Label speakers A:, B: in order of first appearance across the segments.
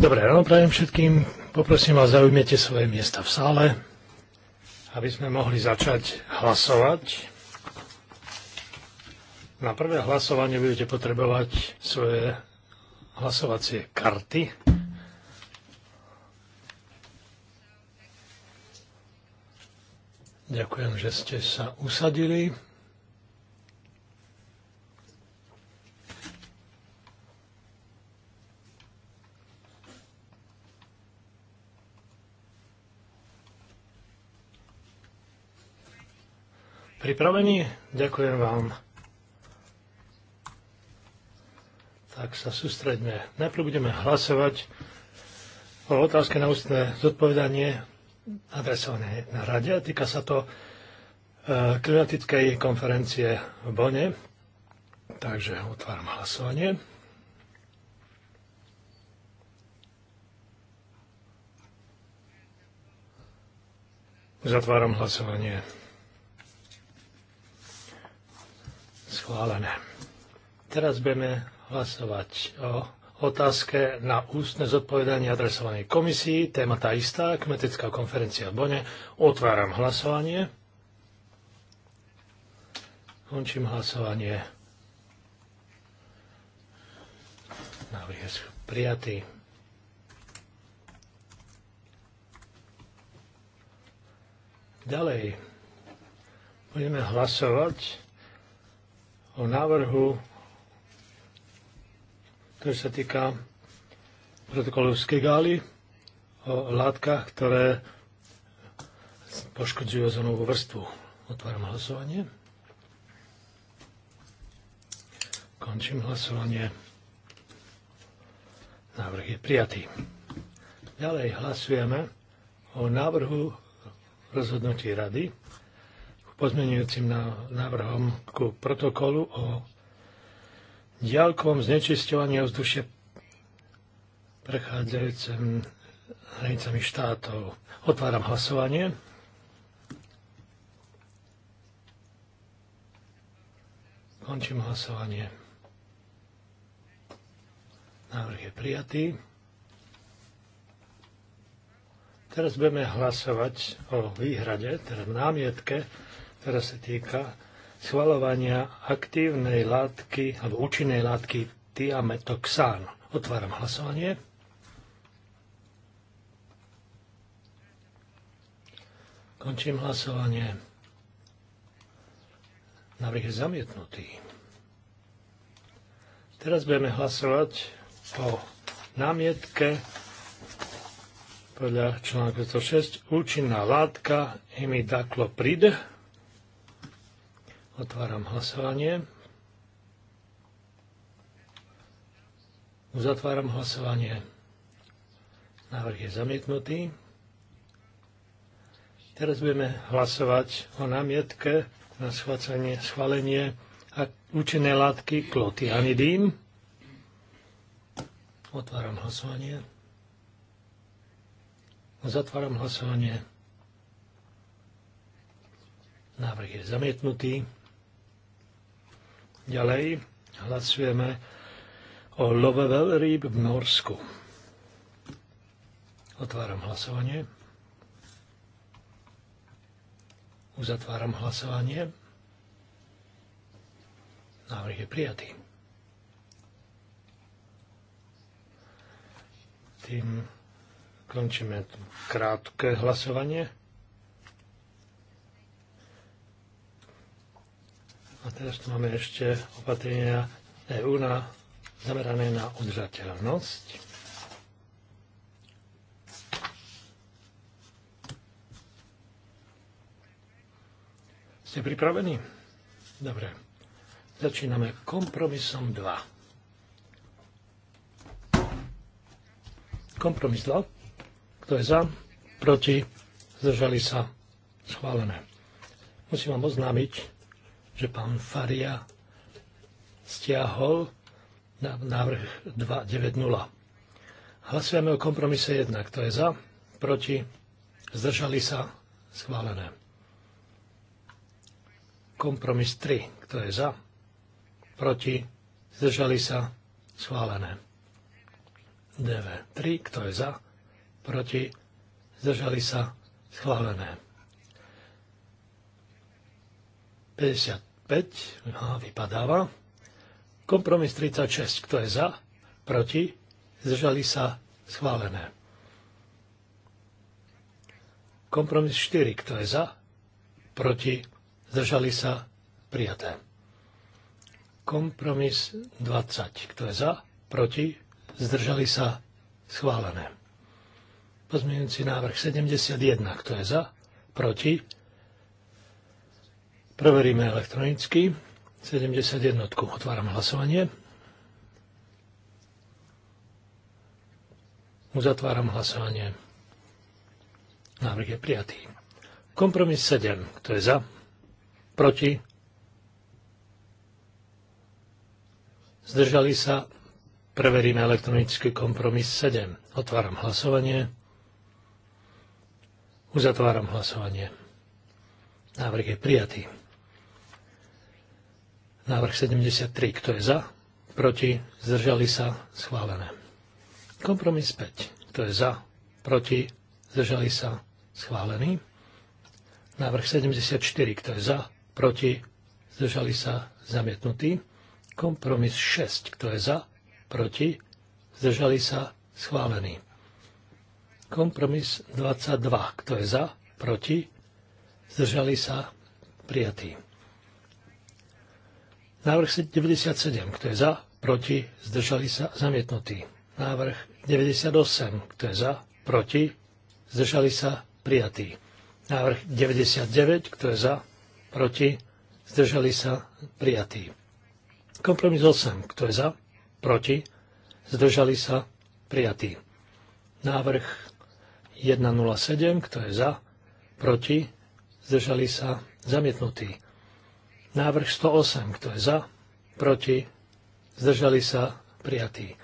A: Dobré ráno prajem všetkým. Poprosím vás, zaujmete svoje miesta v sále, aby sme mohli začať hlasovať. Na prvé hlasovanie budete potrebovať svoje hlasovacie karty. Ďakujem, že ste sa usadili. Pripravení? Ďakujem vám. Tak sa sústredme. Najprv budeme hlasovať o otázke na ústne zodpovedanie adresované na rade. Týka sa to e, klimatickej konferencie v Bone. Takže otváram hlasovanie. Zatváram hlasovanie. Schválené. Teraz budeme hlasovať o otázke na ústne zodpovedanie adresovanej komisii. Téma tá istá, kmetická konferencia v Bone. Otváram hlasovanie. Končím hlasovanie. Návrh je prijatý. Ďalej budeme hlasovať o návrhu, ktorý sa týka protokolu z Kigali o látkach, ktoré poškodzujú ozonovú vrstvu. Otváram hlasovanie. Končím hlasovanie. Návrh je prijatý. Ďalej hlasujeme o návrhu rozhodnutí rady pozmenujúcim návrhom ku protokolu o diálkovom znečisťovaní ovzdušia prechádzajúcim hranicami štátov. Otváram hlasovanie. Končím hlasovanie. Návrh je prijatý. Teraz budeme hlasovať o výhrade, teda námietke ktorá sa týka schvalovania aktívnej látky alebo účinnej látky tiametoxán. Otváram hlasovanie. Končím hlasovanie. Návrh je zamietnutý. Teraz budeme hlasovať o námietke podľa článku 106 účinná látka imidaklopride. Otváram hlasovanie. Uzatváram hlasovanie. Návrh je zamietnutý. Teraz budeme hlasovať o námietke na schválenie, schválenie a účinné látky klotianidín. Otváram hlasovanie. Zatváram hlasovanie. Návrh je zamietnutý. Ďalej hlasujeme o love veľrýb v Norsku. Otváram hlasovanie. Uzatváram hlasovanie. Návrh je prijatý. Tým končíme krátke hlasovanie. A teraz tu máme ešte opatrenia EU na, zamerané na udržateľnosť. Ste pripravení? Dobre. Začíname kompromisom 2. Kompromis 2. Kto je za? Proti? Zdržali sa? Schválené. Musím vám oznámiť, že pán Faria stiahol na návrh 2.9.0. Hlasujeme o kompromise 1. Kto je za? Proti? Zdržali sa? Schválené. Kompromis 3. Kto je za? Proti? Zdržali sa? Schválené. DV 3. Kto je za? Proti? Zdržali sa? Schválené. 55 no, vypadáva. Kompromis 36, kto je za, proti, zdržali sa schválené. Kompromis 4, kto je za, proti, zdržali sa prijaté. Kompromis 20, kto je za, proti, zdržali sa schválené. Pozmienujúci návrh 71, kto je za, proti, Preveríme elektronicky. 71. Otváram hlasovanie. Uzatváram hlasovanie. Návrh je prijatý. Kompromis 7. Kto je za? Proti? Zdržali sa? Preveríme elektronický kompromis 7. Otváram hlasovanie. Uzatváram hlasovanie. Návrh je prijatý. Návrh 73. Kto je za? Proti? Zdržali sa? Schválené. Kompromis 5. Kto je za? Proti? Zdržali sa? Schválený. Návrh 74. Kto je za? Proti? Zdržali sa? Zamietnutý. Kompromis 6. Kto je za? Proti? Zdržali sa? Schválený. Kompromis 22. Kto je za? Proti? Zdržali sa? Prijatý. Návrh 97, kto je za, proti, zdržali sa, zamietnutý. Návrh 98, kto je za, proti, zdržali sa, prijatý. Návrh 99, kto je za, proti, zdržali sa, prijatý. Kompromis 8, kto je za, proti, zdržali sa, prijatý. Návrh 107, kto je za, proti, zdržali sa, zamietnutý. Návrh 108, kto je za, proti, zdržali sa, prijatí?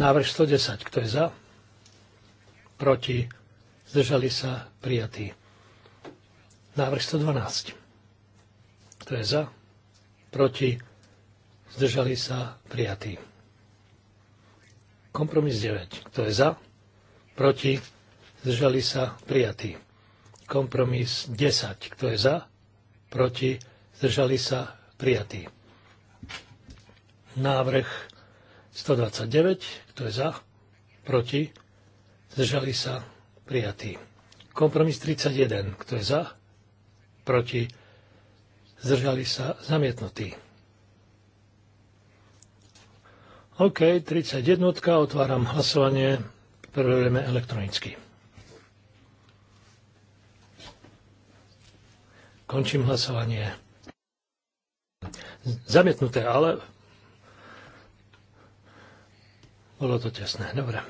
A: Návrh 110, kto je za, proti, zdržali sa, prijatí. Návrh 112, kto je za, proti, zdržali sa, prijatí. Kompromis 9, kto je za, proti, zdržali sa, prijatí. Kompromis 10, kto je za, proti, zdržali sa prijatí. Návrh 129, kto je za, proti, zdržali sa prijatí. Kompromis 31, kto je za, proti, zdržali sa zamietnutí. OK, 31, otváram hlasovanie, preverujeme elektronicky. Končím hlasovanie. Zamietnuté, ale bolo to tesné. Dobre.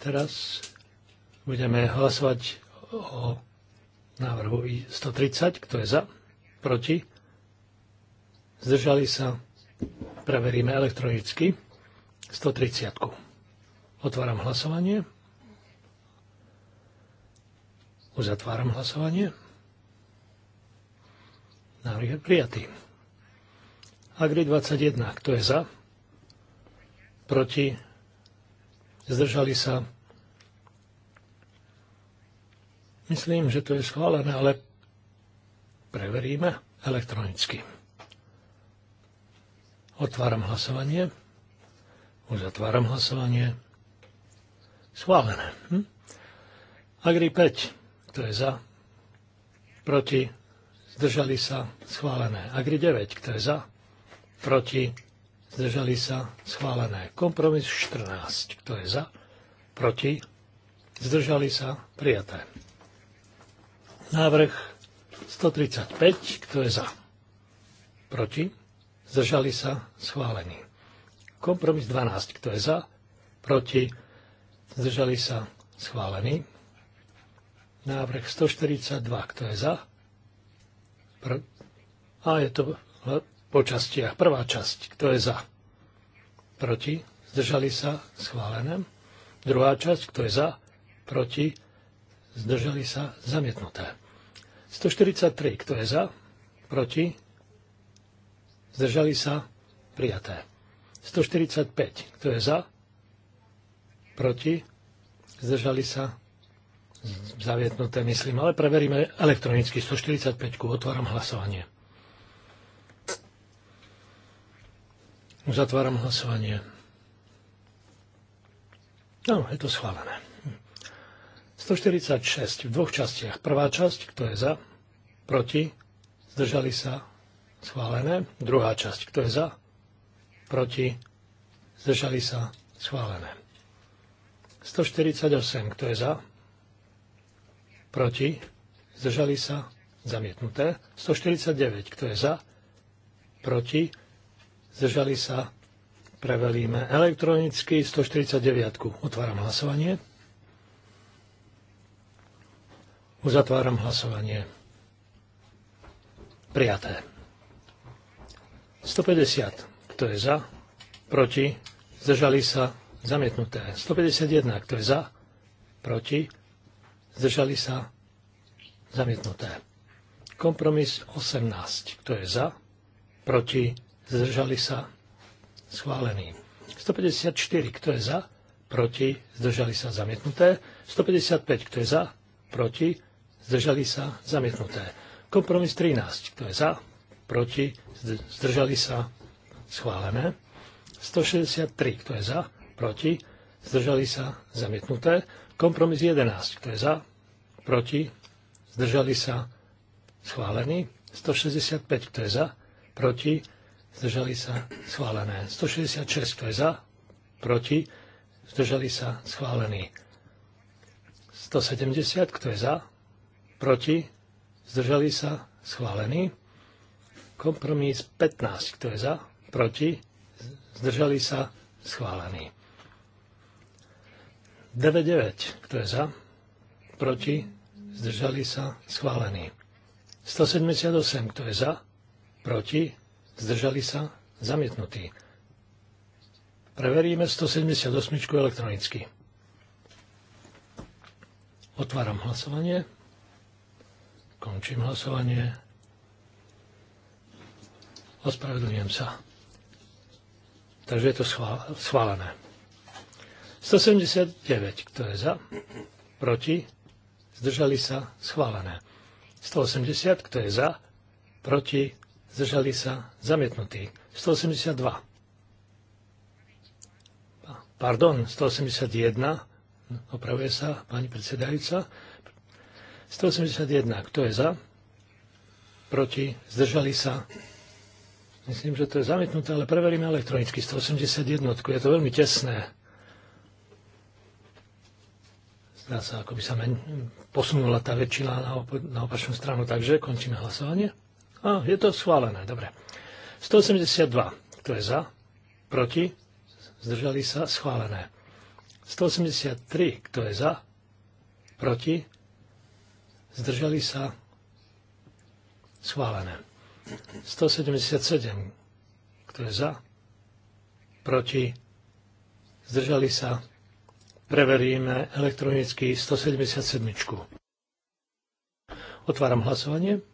A: Teraz budeme hlasovať o návrhu I-130. Kto je za? Proti? Zdržali sa? Preveríme elektronicky. 130. Otváram hlasovanie. Uzatváram hlasovanie. Návrh je prijatý. Agri 21. Kto je za? Proti? Zdržali sa? Myslím, že to je schválené, ale preveríme elektronicky. Otváram hlasovanie. Uzatváram hlasovanie. Schválené. Hm? Agri 5. Kto je za? Proti? Zdržali sa? Schválené. Agri 9. Kto je za? Proti? Zdržali sa? Schválené. Kompromis 14. Kto je za? Proti? Zdržali sa? Prijaté. Návrh 135. Kto je za? Proti? Zdržali sa? Schválený. Kompromis 12. Kto je za? Proti? Zdržali sa? Schválený. Návrh 142, kto je za? Pr- a je to po častiach. Prvá časť, kto je za? Proti? Zdržali sa? Schválené. Druhá časť, kto je za? Proti? Zdržali sa? Zamietnuté. 143, kto je za? Proti? Zdržali sa? Prijaté. 145, kto je za? Proti? Zdržali sa? zavietnuté, myslím, ale preveríme elektronicky 145. Otváram hlasovanie. Uzatváram hlasovanie. No, je to schválené. 146 v dvoch častiach. Prvá časť, kto je za, proti, zdržali sa, schválené. Druhá časť, kto je za, proti, zdržali sa, schválené. 148, kto je za, proti, zdržali sa, zamietnuté. 149, kto je za, proti, zdržali sa, prevelíme elektronicky 149. Otváram hlasovanie. Uzatváram hlasovanie. Prijaté. 150. Kto je za? Proti? Zdržali sa? Zamietnuté. 151. Kto je za? Proti? zdržali sa, zamietnuté. Kompromis 18, kto je za, proti, zdržali sa, schválený. 154, kto je za, proti, zdržali sa, zamietnuté. 155, kto je za, proti, zdržali sa, zamietnuté. Kompromis 13, kto je za, proti, zdržali sa, schválené. 163, kto je za, proti, zdržali sa, zamietnuté. Kompromis 11, kto je za, proti, zdržali sa, schválený. 165, kto je za, proti, zdržali sa, schválené. 166, kto je za, proti, zdržali sa, schválení. 170, kto je za, proti, zdržali sa, schválení, Kompromis 15, kto je za, proti, zdržali sa, schválený. 99, kto je za, proti, zdržali sa, schválený. 178, kto je za, proti, zdržali sa, zamietnutý. Preveríme 178 elektronicky. Otváram hlasovanie. Končím hlasovanie. Ospravedlňujem sa. Takže je to schválené. 179, kto je za, proti, zdržali sa, schválené. 180, kto je za, proti, zdržali sa, zamietnutý. 182. Pardon, 181, opravuje sa pani predsedajúca. 181, kto je za, proti, zdržali sa, Myslím, že to je zamietnuté, ale preveríme elektronicky. 181, je to veľmi tesné. zdá sa, ako by sa men, posunula tá väčšina na, op- na opačnú stranu. Takže končíme hlasovanie. A je to schválené, dobre. 182, kto je za, proti, zdržali sa, schválené. 183, kto je za, proti, zdržali sa, schválené. 177, kto je za, proti, zdržali sa, schválené Preveríme elektronicky 177. Otváram hlasovanie.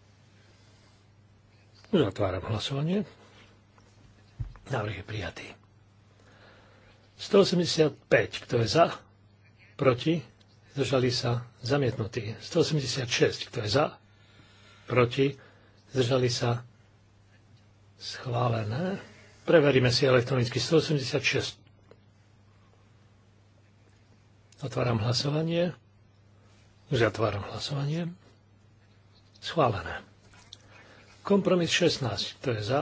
A: Zatváram hlasovanie. Návrh je prijatý. 185, kto je za, proti, zdržali sa, zamietnutí. 186, kto je za, proti, zdržali sa, schválené. Preveríme si elektronicky 186. Otváram hlasovanie. Zatváram hlasovanie. Schválené. Kompromis 16, kto je za,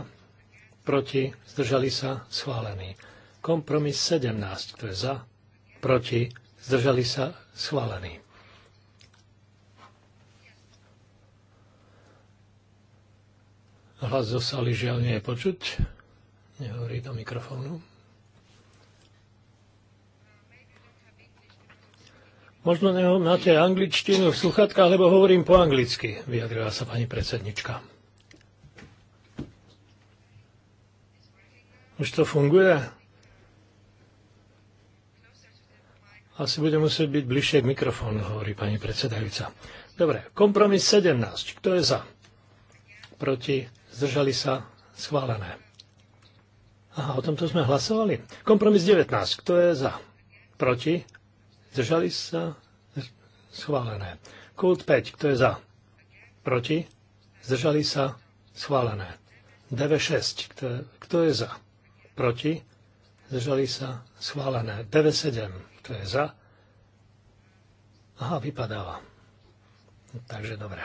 A: proti, zdržali sa, schválený. Kompromis 17, kto je za, proti, zdržali sa, schválený. Hlas zo sály žiaľ nie je počuť. Nehovorí do mikrofónu. Možno máte angličtinu v sluchatkách, lebo hovorím po anglicky, vyjadrila sa pani predsednička. Už to funguje? Asi bude musieť byť bližšie k mikrofónu, hovorí pani predsedajúca. Dobre, kompromis 17. Kto je za? Proti? Zdržali sa? Schválené. Aha, o tomto sme hlasovali. Kompromis 19. Kto je za? Proti? Zdržali sa? Schválené. Kult 5. Kto je za? Proti? Zdržali sa? Schválené. DV6. Kto je, kto je za? Proti? Zdržali sa? Schválené. DV7. Kto je za? Aha, vypadáva. Takže dobre.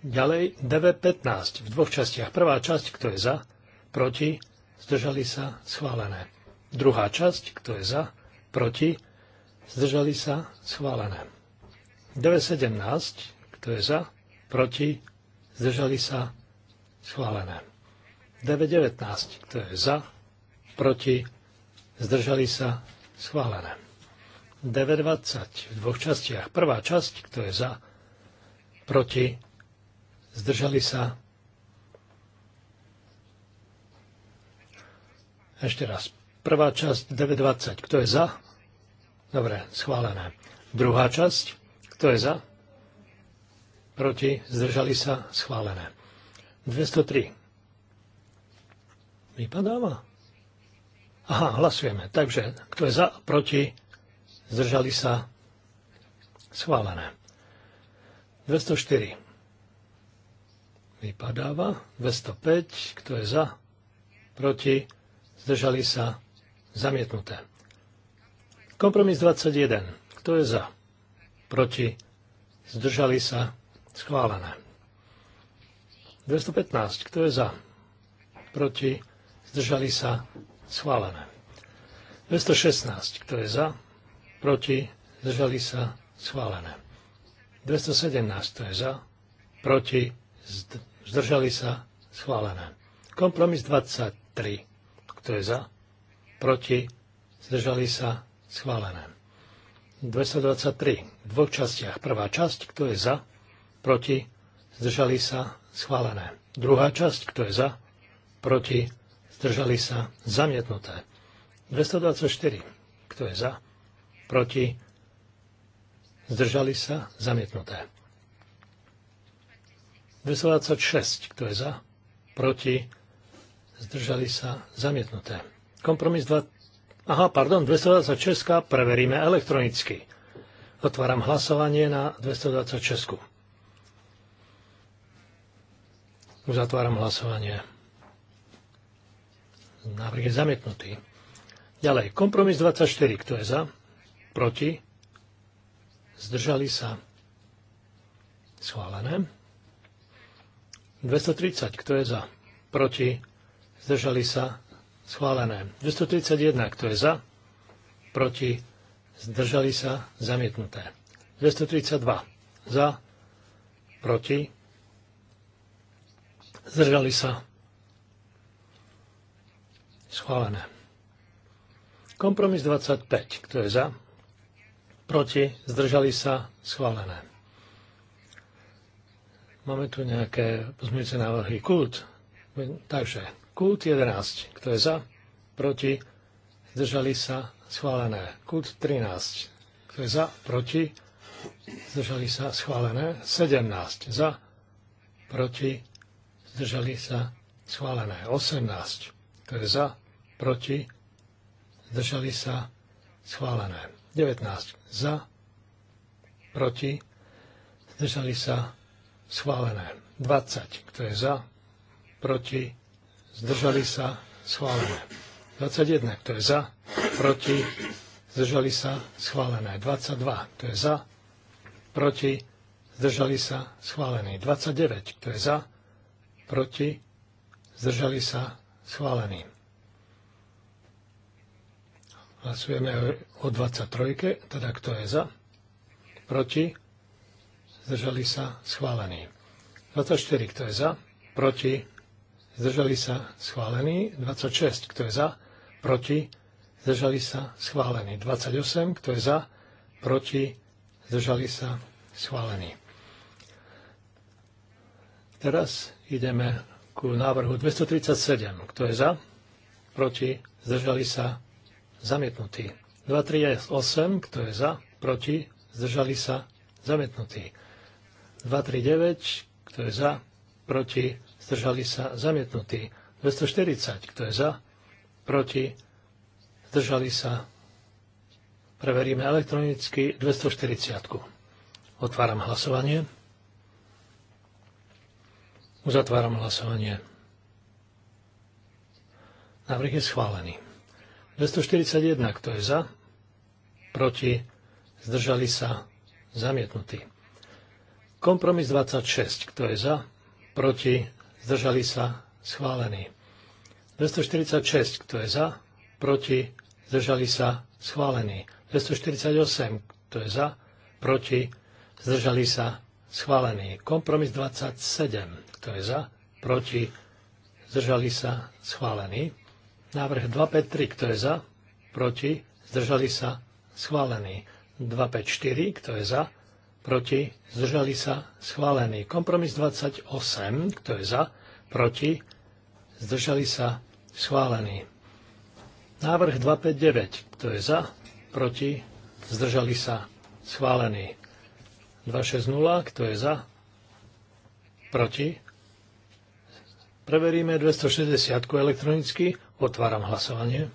A: Ďalej DV15 v dvoch častiach. Prvá časť, kto je za, proti, zdržali sa, schválené. Druhá časť, kto je za, proti, zdržali sa, schválené. 917, kto je za, proti, zdržali sa, schválené. 919, kto je za, proti, zdržali sa, schválené. 920 v dvoch častiach. Prvá časť, kto je za, proti, zdržali sa. Ešte raz. Prvá časť 920, kto je za, Dobre, schválené. Druhá časť. Kto je za? Proti? Zdržali sa? Schválené. 203. Vypadáva? Aha, hlasujeme. Takže, kto je za? Proti? Zdržali sa? Schválené. 204. Vypadáva. 205. Kto je za? Proti? Zdržali sa? Zamietnuté. Kompromis 21. Kto je za? Proti? Zdržali sa? Schválené. 215. Kto je za? Proti? Zdržali sa? Schválené. 216. Kto je za? Proti? Zdržali sa? Schválené. 217. Kto je za? Proti? Zdržali sa? Schválené. Kompromis 23. Kto je za? Proti? Zdržali sa? Schválené. 223. V dvoch častiach. Prvá časť, kto je za, proti, zdržali sa, schválené. Druhá časť, kto je za, proti, zdržali sa, zamietnuté. 224. Kto je za, proti, zdržali sa, zamietnuté. 226. Kto je za, proti, zdržali sa, zamietnuté. Kompromis 2 Aha, pardon, 226 preveríme elektronicky. Otváram hlasovanie na 226. Uzatváram hlasovanie. Návrh je zamietnutý. Ďalej, kompromis 24. Kto je za? Proti? Zdržali sa? Schválené. 230. Kto je za? Proti? Zdržali sa? Schválené. 231, kto je za? Proti? Zdržali sa? Zamietnuté. 232. Za? Proti? Zdržali sa? Schválené. Kompromis 25. Kto je za? Proti? Zdržali sa? Schválené. Máme tu nejaké pozmeňujúce návrhy. Kult. Takže Kult 11, kto je za, proti, zdržali sa, schválené. Kult 13, kto je za, proti, zdržali sa, schválené. 17, za, proti, zdržali sa, schválené. 18, kto je za, proti, zdržali sa, schválené. 19, za, proti, zdržali sa, schválené. 20, kto je za, proti, zdržali sa, schválené. 21, kto je za, proti, zdržali sa, schválené. 22, kto je za, proti, zdržali sa, schválený. 29, kto je za, proti, zdržali sa, schválený. Hlasujeme o 23, teda kto je za, proti, zdržali sa, schválený. 24, kto je za, proti, zdržali sa schválení, 26, kto je za, proti, zdržali sa schválení, 28, kto je za, proti, zdržali sa schválení. Teraz ideme ku návrhu 237, kto je za, proti, zdržali sa zamietnutí. 238, kto je za, proti, zdržali sa zamietnutí. 239, kto je za, proti, zdržali sa zamietnutí. 240, kto je za, proti, zdržali sa. Preveríme elektronicky 240. Otváram hlasovanie. Uzatváram hlasovanie. Návrh je schválený. 241, kto je za, proti, zdržali sa, zamietnutí. Kompromis 26, kto je za, proti, zdržali sa, schválený. 246, kto je za, proti, zdržali sa, schválený. 248, kto je za, proti, zdržali sa, schválený. Kompromis 27, kto je za, proti, zdržali sa, schválený. Návrh 253, kto je za, proti, zdržali sa, schválený. 254, kto je za, proti, zdržali sa, schválený. Kompromis 28, kto je za, proti, zdržali sa, schválený. Návrh 259, kto je za, proti, zdržali sa, schválený. 260, kto je za, proti. Preveríme 260 elektronicky, otváram hlasovanie.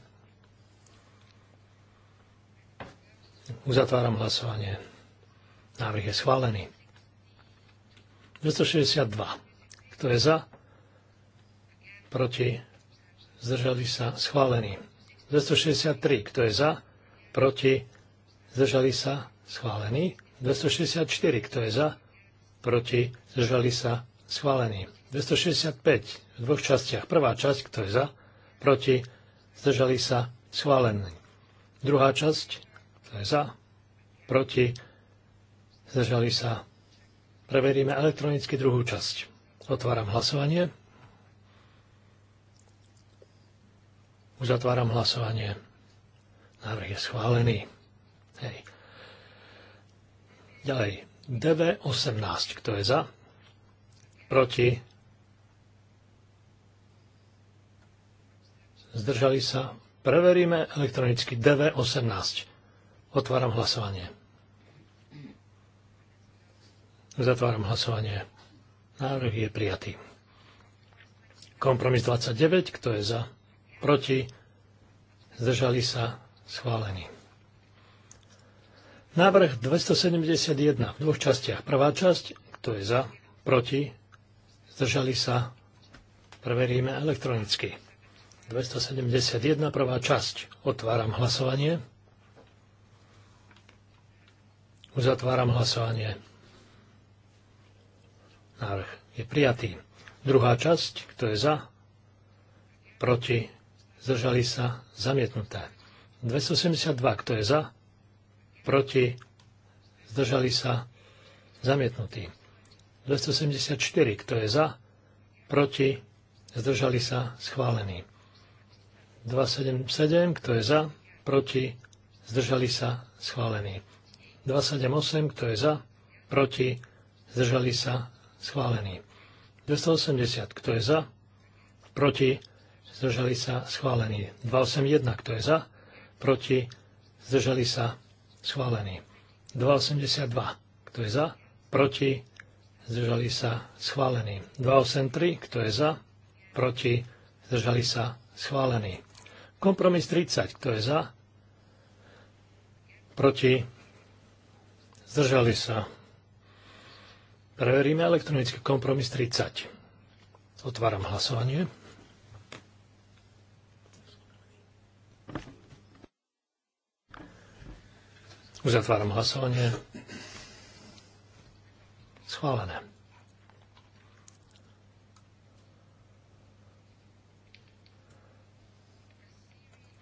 A: Uzatváram hlasovanie. Návrh je schválený. 262. Kto je za? Proti? Zdržali sa? Schválený. 263. Kto je za? Proti? Zdržali sa? Schválený. 264. Kto je za? Proti? Zdržali sa? Schválený. 265. V dvoch častiach. Prvá časť. Kto je za? Proti? Zdržali sa? Schválený. Druhá časť. Kto je za? Proti? Zdržali sa. Preveríme elektronicky druhú časť. Otváram hlasovanie. Uzatváram hlasovanie. Návrh je schválený. Hej. Ďalej. DV18. Kto je za? Proti? Zdržali sa? Preveríme elektronicky DV18. Otváram hlasovanie. Zatváram hlasovanie. Návrh je prijatý. Kompromis 29, kto je za, proti, zdržali sa, schválený. Návrh 271 v dvoch častiach. Prvá časť, kto je za, proti, zdržali sa, preveríme elektronicky. 271 prvá časť. Otváram hlasovanie. Uzatváram hlasovanie. Návrh je prijatý. Druhá časť, kto je za, proti, zdržali sa, zamietnuté. 272, kto je za, proti, zdržali sa, zamietnutý. 274, kto je za, proti, zdržali sa, schválený. 277, kto je za, proti, zdržali sa, schválený. 278, kto je za, proti, zdržali sa, schválený. 280, kto je za, proti, zdržali sa, schválený. 281, kto je za, proti, zdržali sa, schválený. 282, kto je za, proti, zdržali sa, schválený. 283, kto je za, proti, zdržali sa, schválený. Kompromis 30, kto je za, proti, zdržali sa, Preveríme elektronický kompromis 30. Otváram hlasovanie. Uzatváram hlasovanie. Schválené.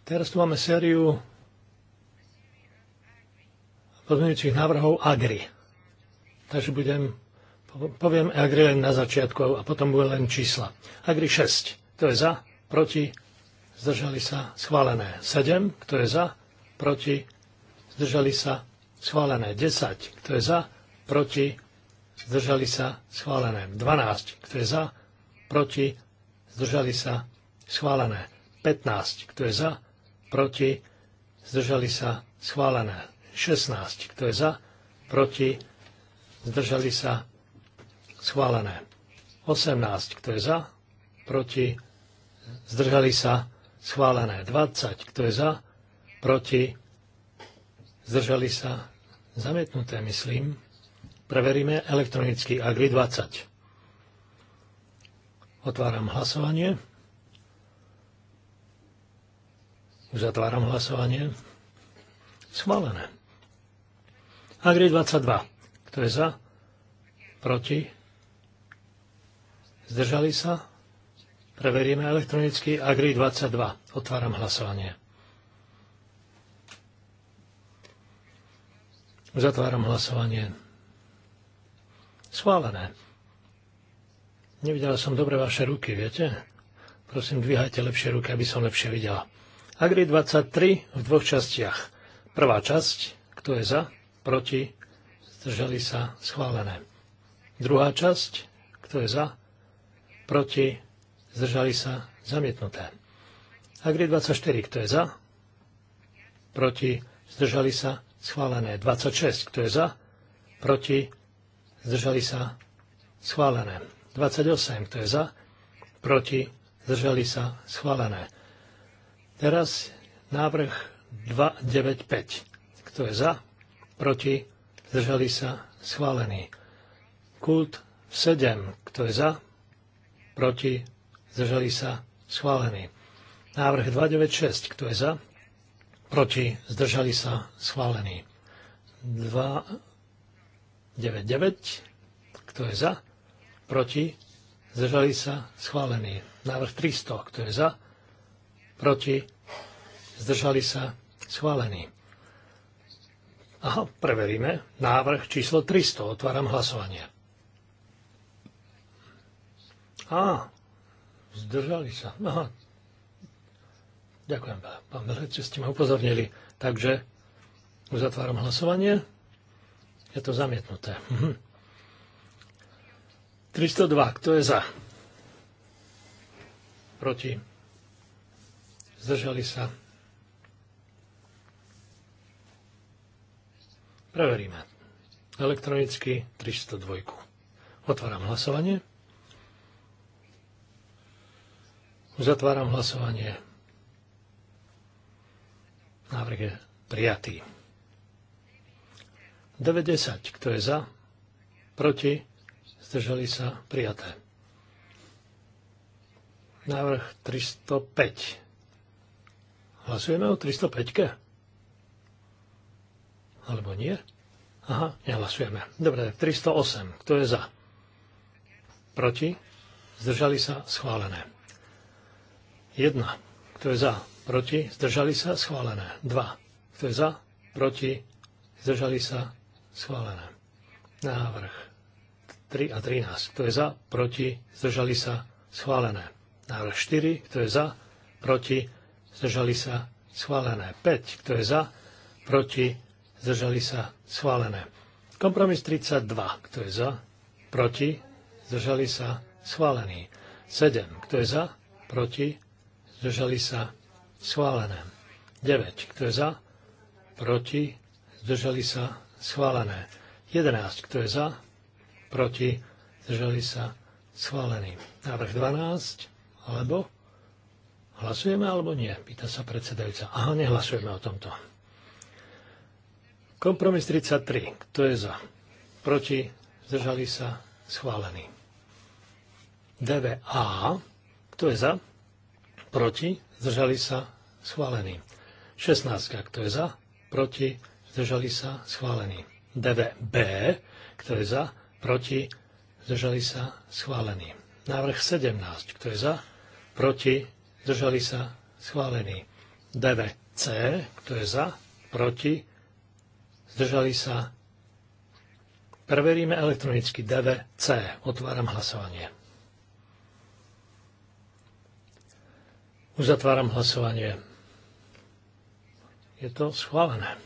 A: Teraz tu máme sériu pozmeňujúcich návrhov AGRI. Takže budem Poviem Agri len na začiatku a potom bude len čísla. Agri 6, to je za, proti, zdržali sa, schválené. 7, kto je za, proti, zdržali sa, schválené. 10, kto je za, proti, zdržali sa, schválené. 12, kto je za, proti, zdržali sa, schválené. 15, kto je za, proti, zdržali sa, schválené. 16, kto je za, proti, zdržali sa, schválené. Schválené. 18. Kto je za? Proti? Zdržali sa? Schválené. 20. Kto je za? Proti? Zdržali sa? Zamietnuté, myslím. Preveríme elektronicky Agri 20. Otváram hlasovanie. Zatváram hlasovanie. Schválené. Agri 22. Kto je za? Proti? Zdržali sa? Preveríme elektronicky Agri 22. Otváram hlasovanie. Zatváram hlasovanie. Schválené. Nevidela som dobre vaše ruky, viete? Prosím, dvíhajte lepšie ruky, aby som lepšie videla. Agri 23 v dvoch častiach. Prvá časť, kto je za, proti, zdržali sa, schválené. Druhá časť, kto je za, proti, zdržali sa, zamietnuté. Agri 24, kto je za, proti, zdržali sa, schválené. 26, kto je za, proti, zdržali sa, schválené. 28, kto je za, proti, zdržali sa, schválené. Teraz návrh 295. Kto je za, proti, zdržali sa, schválený. Kult 7. Kto je za, proti, zdržali sa, schválený. Návrh 296, kto je za, proti, zdržali sa, schválený. 299, kto je za, proti, zdržali sa, schválený. Návrh 300, kto je za, proti, zdržali sa, schválený. Aha, preveríme. Návrh číslo 300. Otváram hlasovanie. A, zdržali sa. Aha. No, ďakujem, pán Belec, že ste ma upozornili. Takže uzatváram hlasovanie. Je to zamietnuté. 302, mhm. kto je za? Proti. Zdržali sa. Preveríme. Elektronicky 302. Otváram hlasovanie. Uzatváram hlasovanie. Návrh je prijatý. 90. Kto je za? Proti? Zdržali sa? Prijaté. Návrh 305. Hlasujeme o 305? -ke? Alebo nie? Aha, nehlasujeme. Dobre, 308. Kto je za? Proti? Zdržali sa? Schválené. 1. Kto je za? Proti? Zdržali sa? Schválené. 2. Kto je za? Proti? Zdržali sa? Schválené. Návrh 3 a 13. Kto je za? Proti? Zdržali sa? Schválené. Návrh 4. Kto je za? Proti? Zdržali sa? Schválené. 5. Kto je za? Proti? Zdržali sa? Schválené. Kompromis 32. Kto je za? Proti? Zdržali sa? Schválený. 7. Kto je za? Proti? zdržali sa, schválené. 9, kto je za, proti, zdržali sa, schválené. 11, kto je za, proti, zdržali sa, schválený. Návrh 12, alebo hlasujeme alebo nie, pýta sa predsedajúca. Aha, nehlasujeme o tomto. Kompromis 33, kto je za, proti, zdržali sa, schválený. DVA, kto je za, proti, zdržali sa, schválený. 16, kto je za, proti, zdržali sa, schválený. DVB, kto je za, proti, zdržali sa, schválený. Návrh 17, kto je za, proti, zdržali sa, schválený. DVC, kto je za, proti, zdržali sa. Preveríme elektronicky DVC. Otváram hlasovanie. Uzatváram hlasovanie. Je to schválené.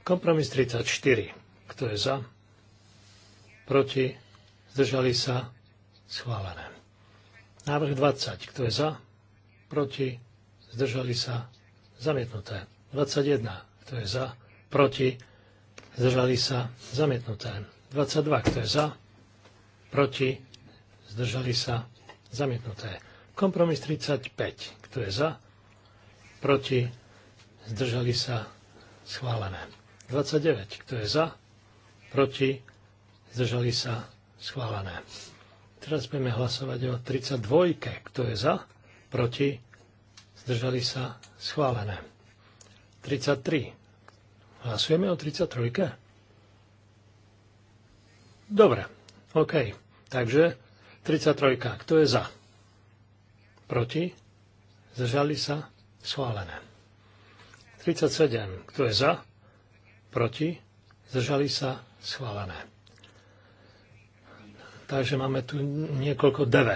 A: Kompromis 34. Kto je za? Proti? Zdržali sa? Schválené. Návrh 20. Kto je za? Proti? Zdržali sa? Zamietnuté. 21. Kto je za? Proti? Zdržali sa? Zamietnuté. 22. Kto je za? Proti? Zdržali sa? Zamietnuté. Kompromis 35. Kto je za? Proti? Zdržali sa? Schválené. 29. Kto je za? Proti? Zdržali sa? Schválené. Teraz budeme hlasovať o 32. Kto je za? Proti? Zdržali sa? Schválené. 33. Hlasujeme o 33. Dobre. OK. Takže 33. Kto je za? Proti? Zdržali sa? Schválené. 37. Kto je za? Proti? Zdržali sa? Schválené. Takže máme tu niekoľko DV.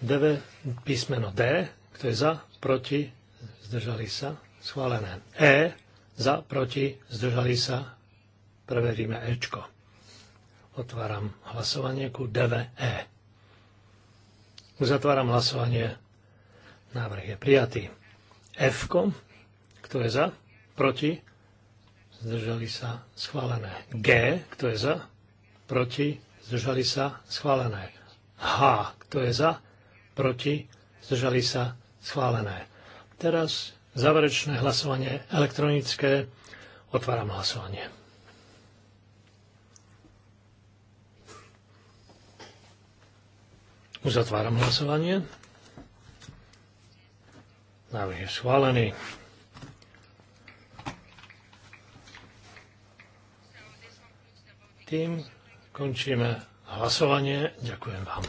A: DV písmeno D. Kto je za? Proti? Zdržali sa? Schválené. E. Za? Proti? Zdržali sa? Preveríme Ečko. Otváram hlasovanie ku DVE. E. Uzatváram hlasovanie. Návrh je prijatý. F, -ko. kto je za? Proti? Zdržali sa schválené. G, kto je za? Proti? Zdržali sa schválené. H, kto je za? Proti? Zdržali sa schválené. Teraz záverečné hlasovanie elektronické. Otváram hlasovanie. Uzatváram hlasovanie. Návrh je schválený. Tým končíme hlasovanie. Ďakujem vám.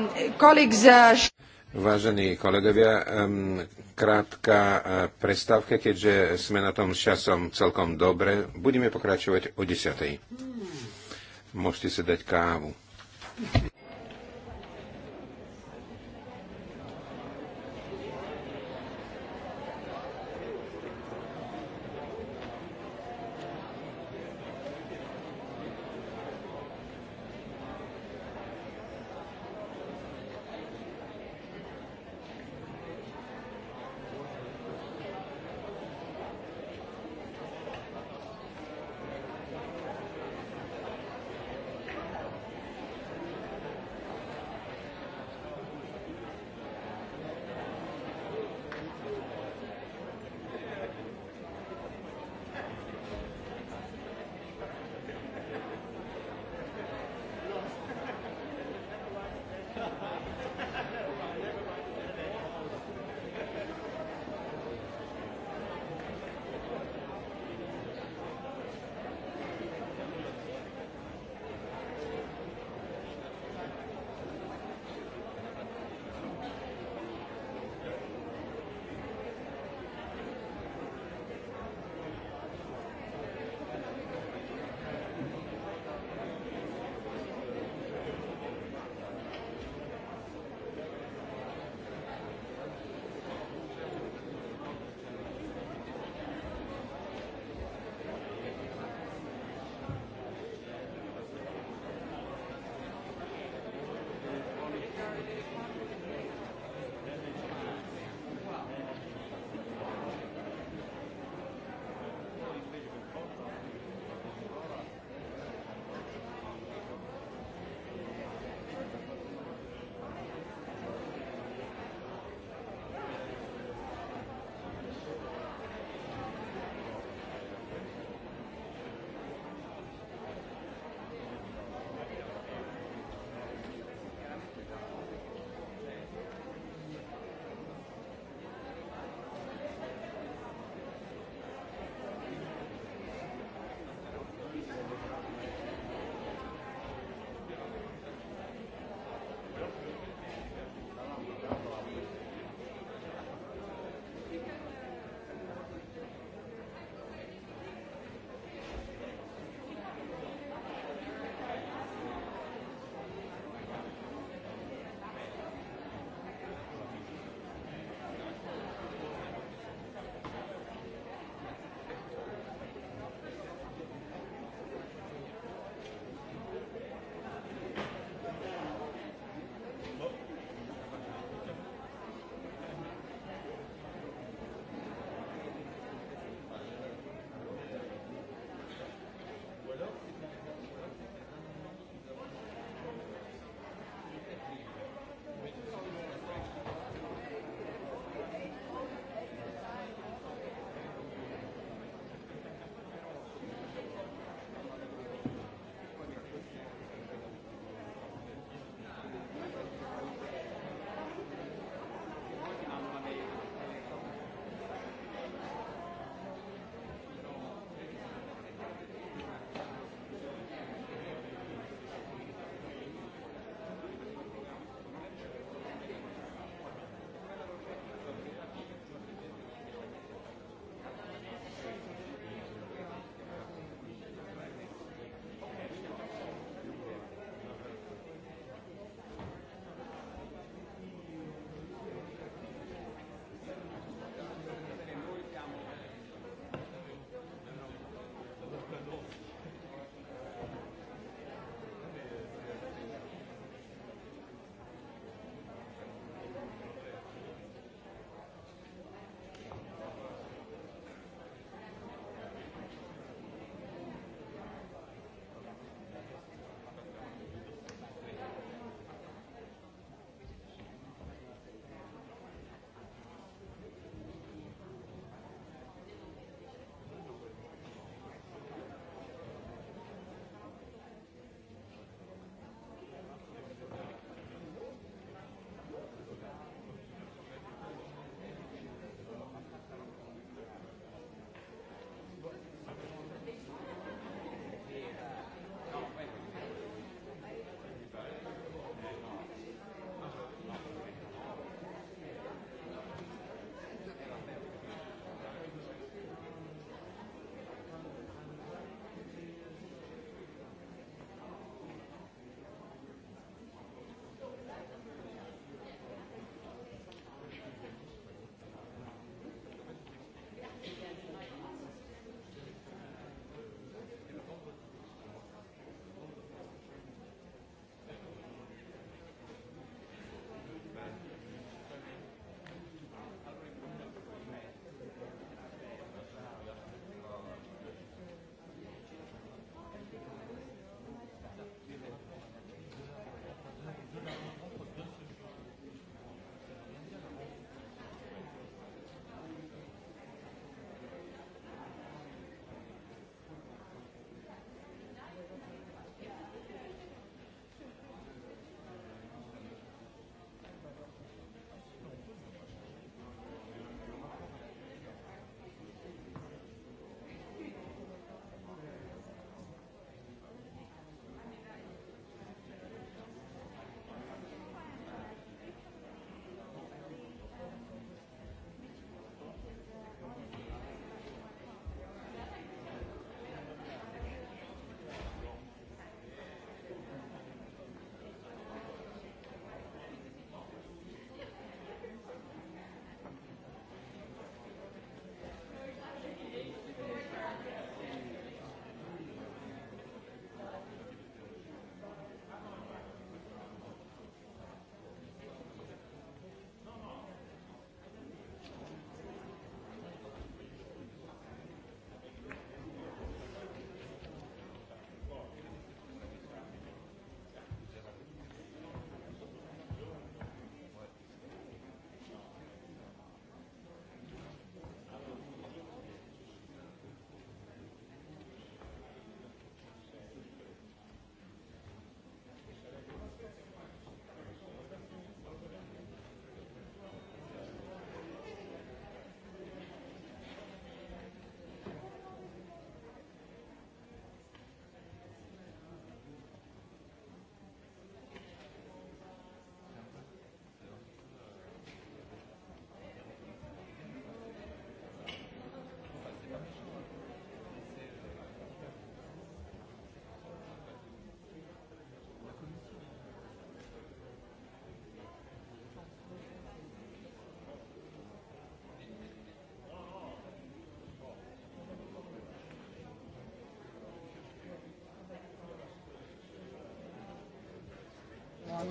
B: Um, uh,
C: Vážení kolegovia, um, krátka uh, prestávka, keďže sme na tom s časom celkom dobre. Budeme pokračovať o 10. Môžete si dať kávu.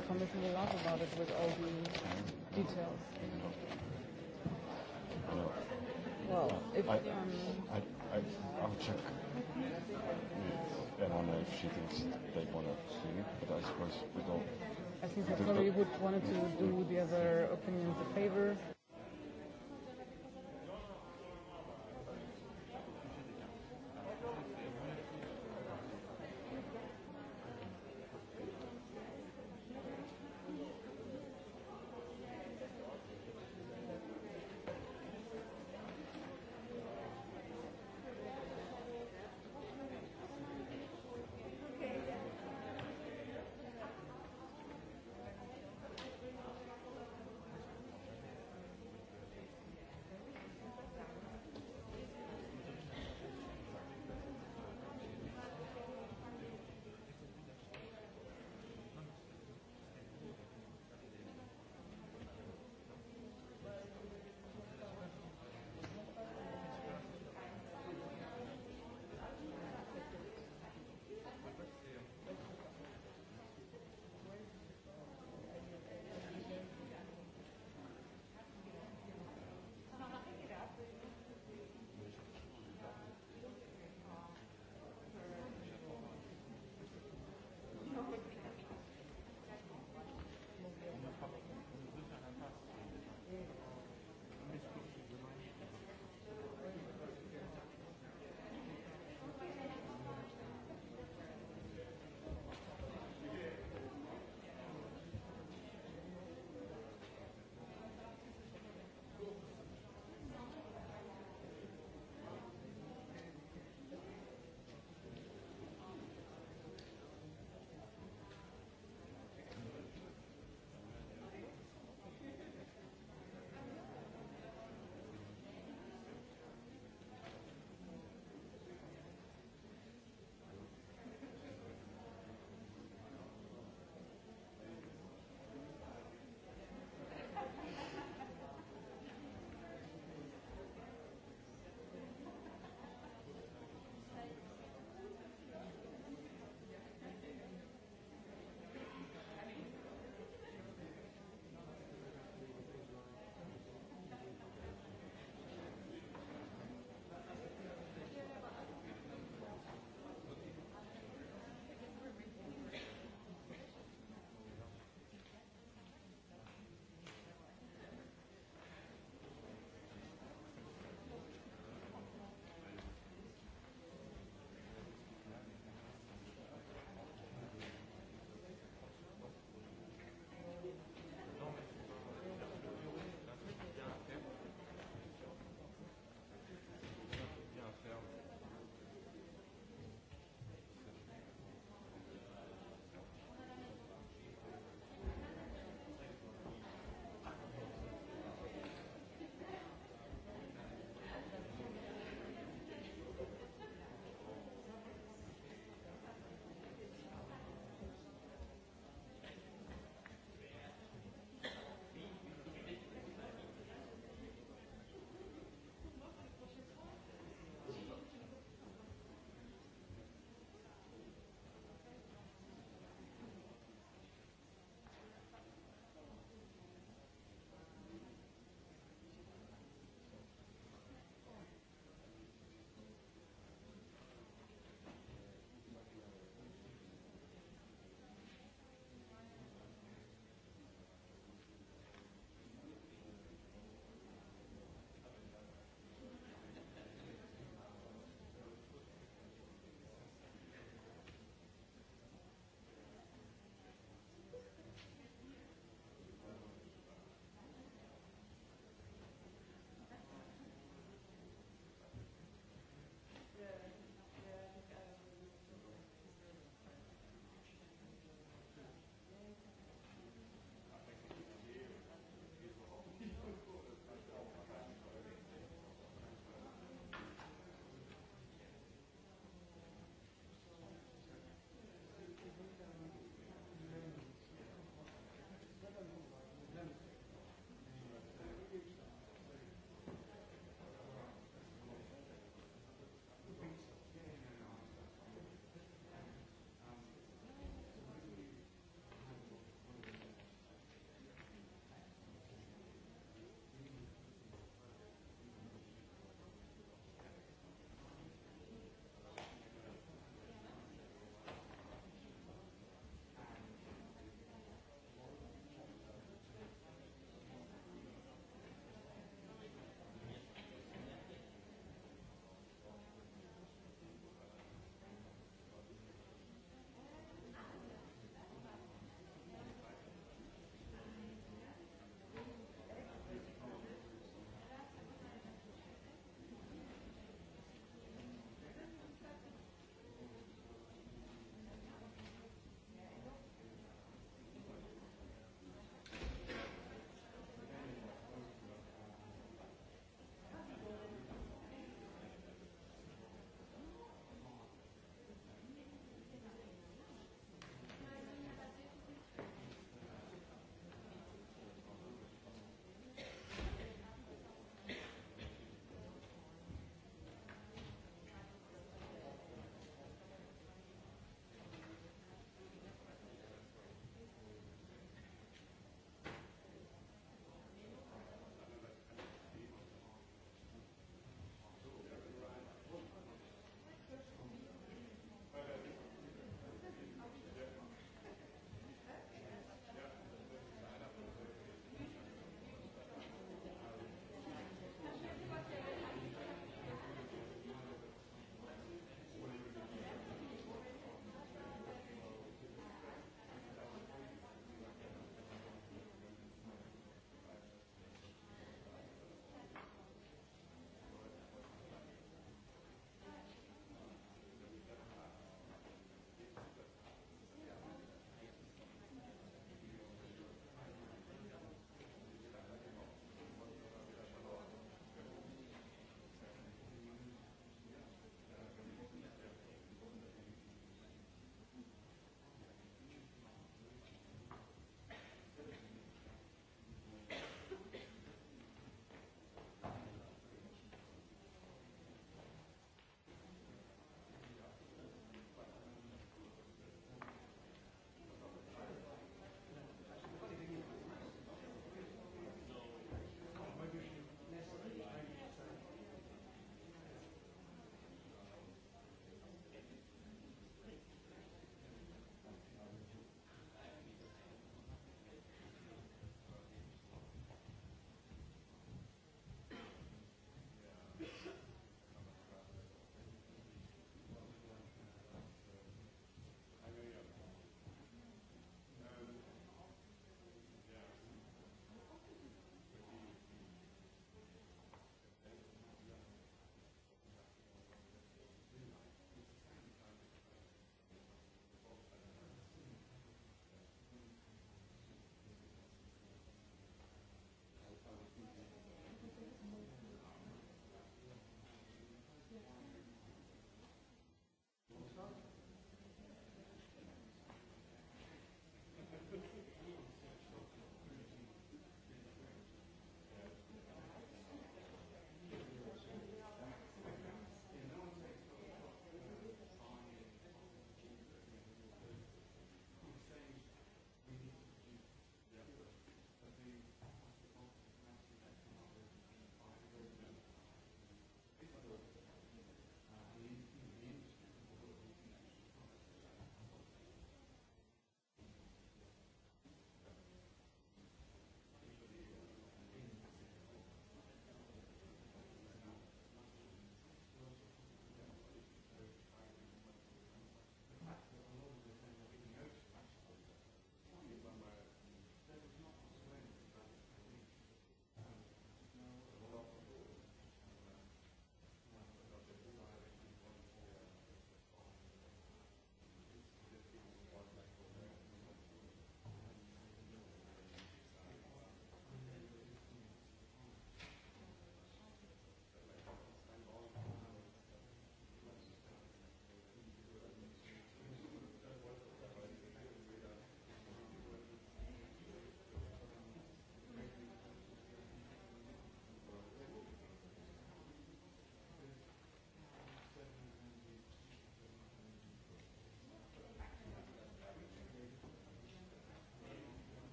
B: the Commission will laugh about it with all the details. Well, if I, um, I, I, I'll check. I don't know if she thinks they want to see it, but I suppose we don't. I think we probably would wanted to do the other opinions a favor.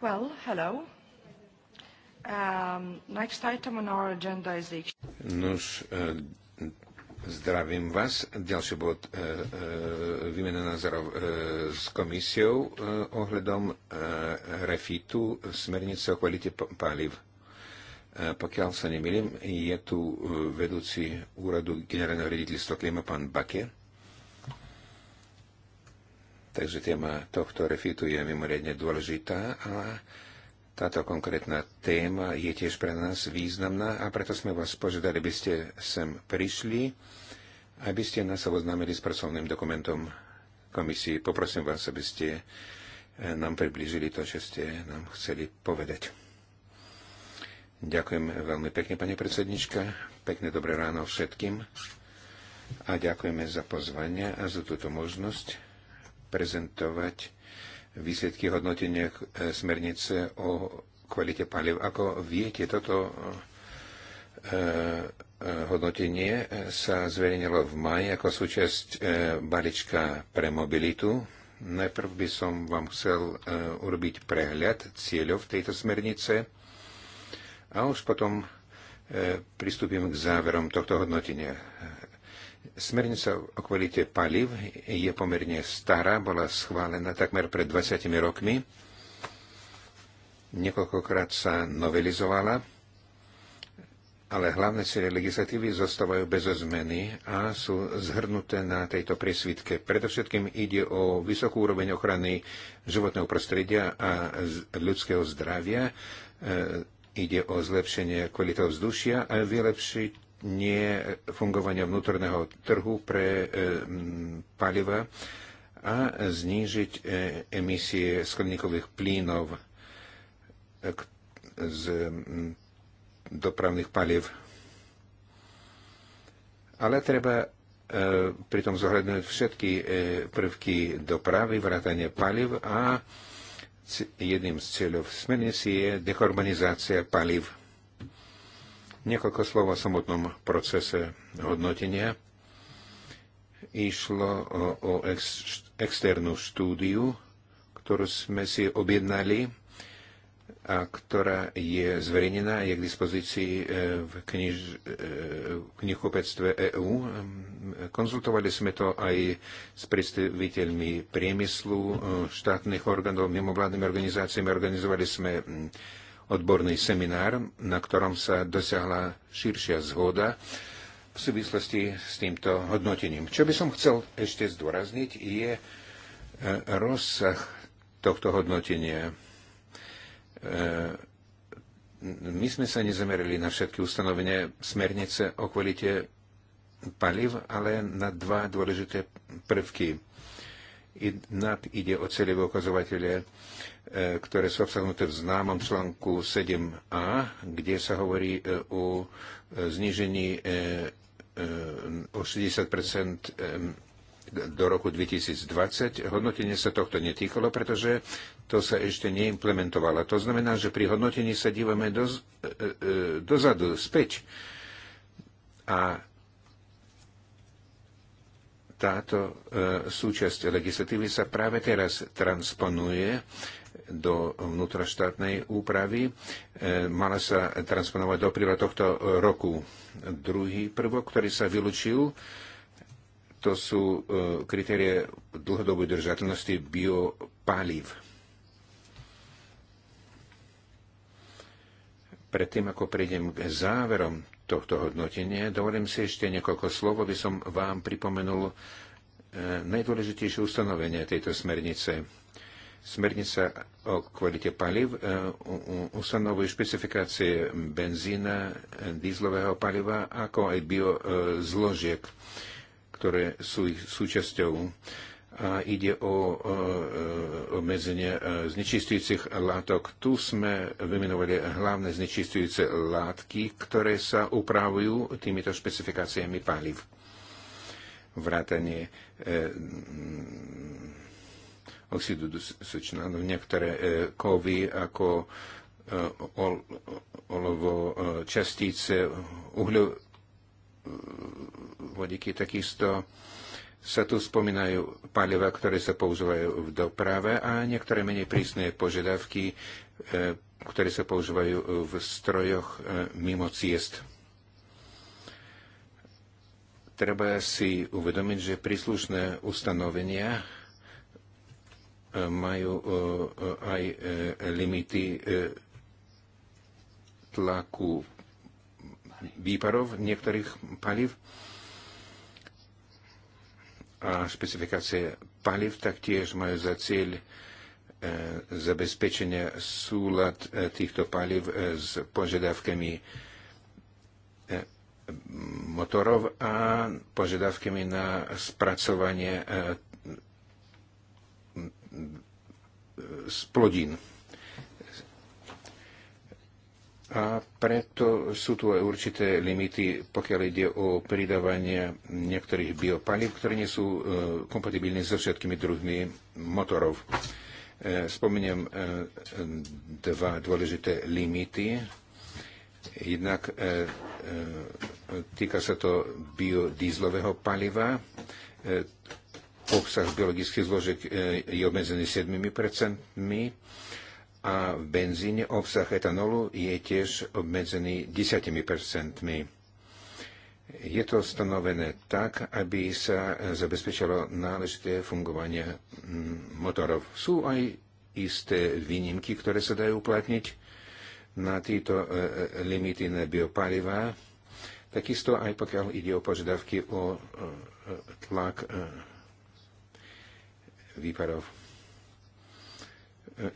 B: Well, hello. Um, next item on our agenda is the...
C: Nuž, eh, zdravím vás. Ďalší bod eh, eh, výmena názorov eh, s komisiou eh, ohľadom eh, refitu smernice o kvalite paliv. Pokiaľ sa nemýlim, je tu vedúci úradu generálneho riaditeľstva klíma pán Bake. Takže téma tohto refitu je mimoriadne dôležitá a táto konkrétna téma je tiež pre nás významná a preto sme vás požiadali, aby ste sem prišli, aby ste nás oboznámili s pracovným dokumentom komisii. Poprosím vás, aby ste eh, nám priblížili to, čo ste nám chceli povedať. Ďakujem veľmi pekne, pani predsednička. Pekné dobré ráno všetkým. A ďakujeme za pozvanie a za túto možnosť prezentovať výsledky hodnotenia e, smernice o kvalite paliv. Ako viete, toto e, e, hodnotenie sa zverejnilo v maji ako súčasť balička pre mobilitu. Najprv by som vám chcel urobiť prehľad cieľov tejto smernice a už potom pristúpim k záverom tohto hodnotenia. Smernica o kvalite paliv je pomerne stará, bola schválená takmer pred 20 rokmi. Niekoľkokrát sa novelizovala, ale hlavné cieľe legislatívy zostávajú bez zmeny a sú zhrnuté na tejto presvitke. Predovšetkým ide o vysokú úroveň ochrany životného prostredia a ľudského zdravia, e, ide o zlepšenie kvality vzdušia a vylepšiť nie fungovania vnútorného trhu pre e, paliva a znížiť e, emisie skleníkových plynov e, z dopravných paliv. Ale treba pritom zohľadňovať všetky prvky dopravy, vrátanie paliv a jedným z cieľov smernice je dekarbonizácia paliv. Niekoľko slov o samotnom procese hodnotenia. Išlo o, o ex, externú štúdiu, ktorú sme si objednali a ktorá je zverejnená, je k dispozícii e, v, kniž, e, v knihkupectve EÚ. Konzultovali sme to aj s predstaviteľmi priemyslu, e, štátnych orgánov, mimovládnymi organizáciami. Organizovali sme odborný seminár, na ktorom sa dosiahla širšia zhoda v súvislosti s týmto hodnotením. Čo by som chcel ešte zdôrazniť, je e, rozsah tohto hodnotenia. E, my sme sa nezamerili na všetky ustanovenia smernice o kvalite paliv, ale na dva dôležité prvky nad ide o celevé ukazovatele, e, ktoré sú obsahnuté v známom článku 7a, kde sa hovorí e, o e, znižení o 60 do roku 2020. Hodnotenie sa tohto netýkalo, pretože to sa ešte neimplementovalo. To znamená, že pri hodnotení sa dívame dozadu, späť. A táto e, súčasť legislatívy sa práve teraz transponuje do vnútroštátnej úpravy. E, mala sa transponovať do apríla tohto roku. Druhý prvok, ktorý sa vylúčil, to sú e, kritérie dlhodobej držateľnosti biopalív. Predtým, ako prejdem k záverom, tohto hodnotenia. Dovolím si ešte niekoľko slov, aby som vám pripomenul e, najdôležitejšie ustanovenia tejto smernice. Smernica o kvalite paliv e, ustanovuje špecifikácie benzína, dízlového paliva, ako aj biozložiek, ktoré sú ich súčasťou ide o e, obmedzenie e, znečistujúcich látok. Tu sme vymenovali hlavné znečistujúce látky, ktoré sa upravujú týmito špecifikáciami paliv. Vrátanie e, mm, oxidu dusičnanu, no niektoré kovy ako olovo, častice, uhľovodiky takisto sa tu spomínajú paliva, ktoré sa používajú v doprave a niektoré menej prísne požiadavky, e, ktoré sa používajú v strojoch e, mimo ciest. Treba si uvedomiť, že príslušné ustanovenia e, majú aj limity tlaku výparov niektorých paliv a špecifikácie paliv taktiež majú za cieľ zabezpečenie súlad týchto paliv s požiadavkami motorov a požiadavkami na spracovanie splodín. A preto sú tu aj určité limity, pokiaľ ide o pridávanie niektorých biopalív, ktoré nie sú e, kompatibilní so všetkými druhmi motorov. E, spomeniem e, dva dôležité limity. Jednak e, e týka sa to biodízlového paliva. E, obsah biologických zložiek e, je obmedzený 7 percentmi a v benzíne obsah etanolu je tiež obmedzený 10 Je to stanovené tak, aby sa zabezpečilo náležité fungovanie mm, motorov. Sú aj isté výnimky, ktoré sa dajú uplatniť na tieto e, e, limity na biopalivá. Takisto aj pokiaľ ide o požiadavky o e, tlak výparov.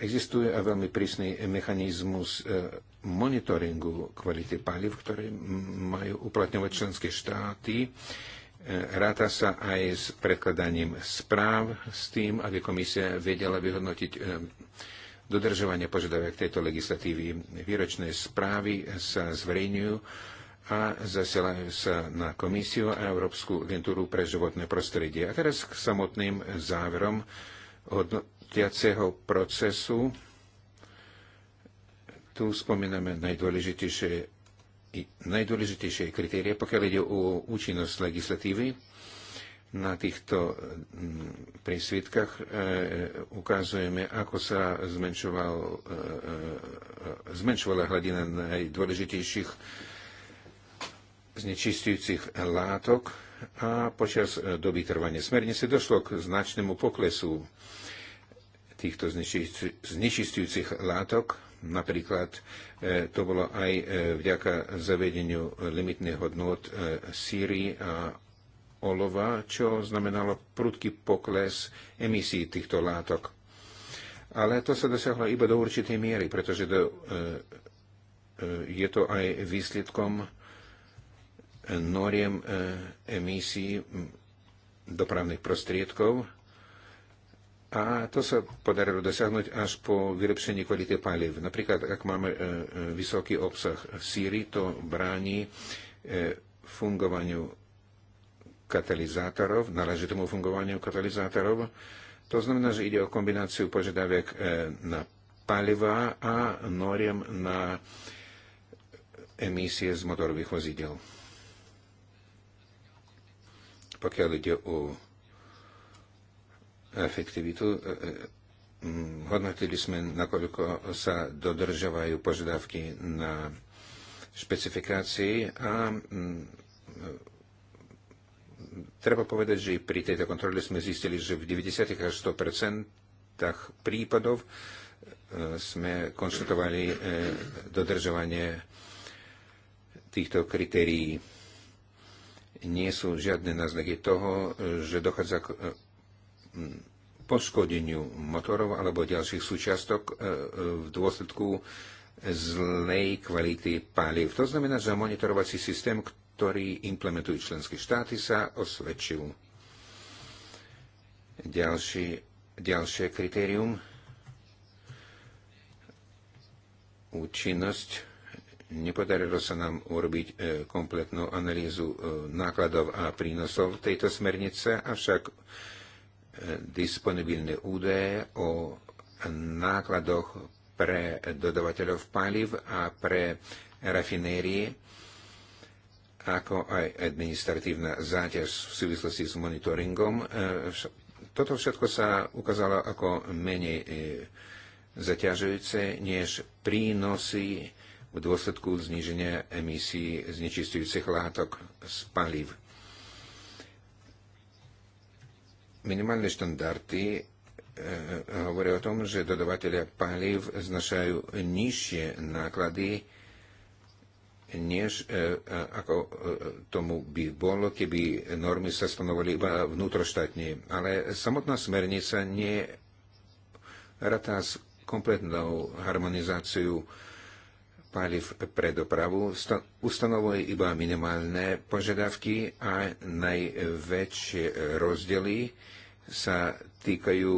C: Existuje a veľmi prísny mechanizmus e, monitoringu kvality paliv, ktoré majú uplatňovať členské štáty. E, ráta sa aj s predkladaním správ s tým, aby komisia vedela vyhodnotiť e, dodržovanie požiadaviek tejto legislatívy. Výročné správy sa zverejňujú a zasielajú sa na komisiu a Európsku agentúru pre životné prostredie. A teraz k samotným záverom hodnotiaceho procesu. Tu spomíname najdôležitejšie, najdôležitejšie kritérie, pokiaľ ide o účinnosť legislatívy. Na týchto mm, prísvitkách e, ukazujeme, ako sa zmenšoval, e, e, zmenšovala hladina najdôležitejších znečistujúcich látok a počas doby trvania smernice došlo k značnému poklesu týchto znečistujúcich látok. Napríklad e, to bolo aj e, vďaka zavedeniu limitných hodnot e, síry a olova, čo znamenalo prudký pokles emisí týchto látok. Ale to sa dosiahlo iba do určitej miery, pretože do, je to aj výsledkom noriem emisí dopravných prostriedkov, a to sa podarilo dosiahnuť až po vylepšení kvality paliv. Napríklad, ak máme e, e, vysoký obsah síry, to bráni e, fungovaniu katalizátorov, náležitému fungovaniu katalizátorov. To znamená, že ide o kombináciu požiadaviek na paliva a noriem na emisie z motorových vozidel. Pokiaľ ide o efektivitu. E, e, hodnotili sme, nakoľko sa dodržovajú požiadavky na špecifikácii a treba povedať, že pri tejto kontrole sme zistili, že v 90 až 100 prípadov e, sme konštatovali dodržovanie týchto kritérií. Nie sú žiadne náznaky toho, že dochádza k Mm, poškodeniu motorov alebo ďalších súčiastok e, e, v dôsledku zlej kvality paliv. To znamená, že monitorovací systém, ktorý implementujú členské štáty, sa osvedčil. Ďalší, ďalšie kritérium. Účinnosť. Nepodarilo sa nám urobiť e, kompletnú analýzu nákladov a prínosov tejto smernice, avšak disponibilné údaje o nákladoch pre dodavateľov paliv a pre rafinérie, ako aj administratívna záťaž v súvislosti s monitoringom. E, Toto všetko sa ukázalo ako menej e, zaťažujúce než prínosy v dôsledku zniženia emisí znečistujúcich látok z paliv. Minimálne štandardy e, hovoria o tom, že dodavatelia paliv znašajú nižšie náklady, než e, e, ako tomu by bolo, keby normy sa stanovali iba vnútroštátne. Ale samotná smernica nie rata s kompletnou harmonizáciou paliv pre dopravu ustanovuje iba minimálne požiadavky a najväčšie rozdiely sa týkajú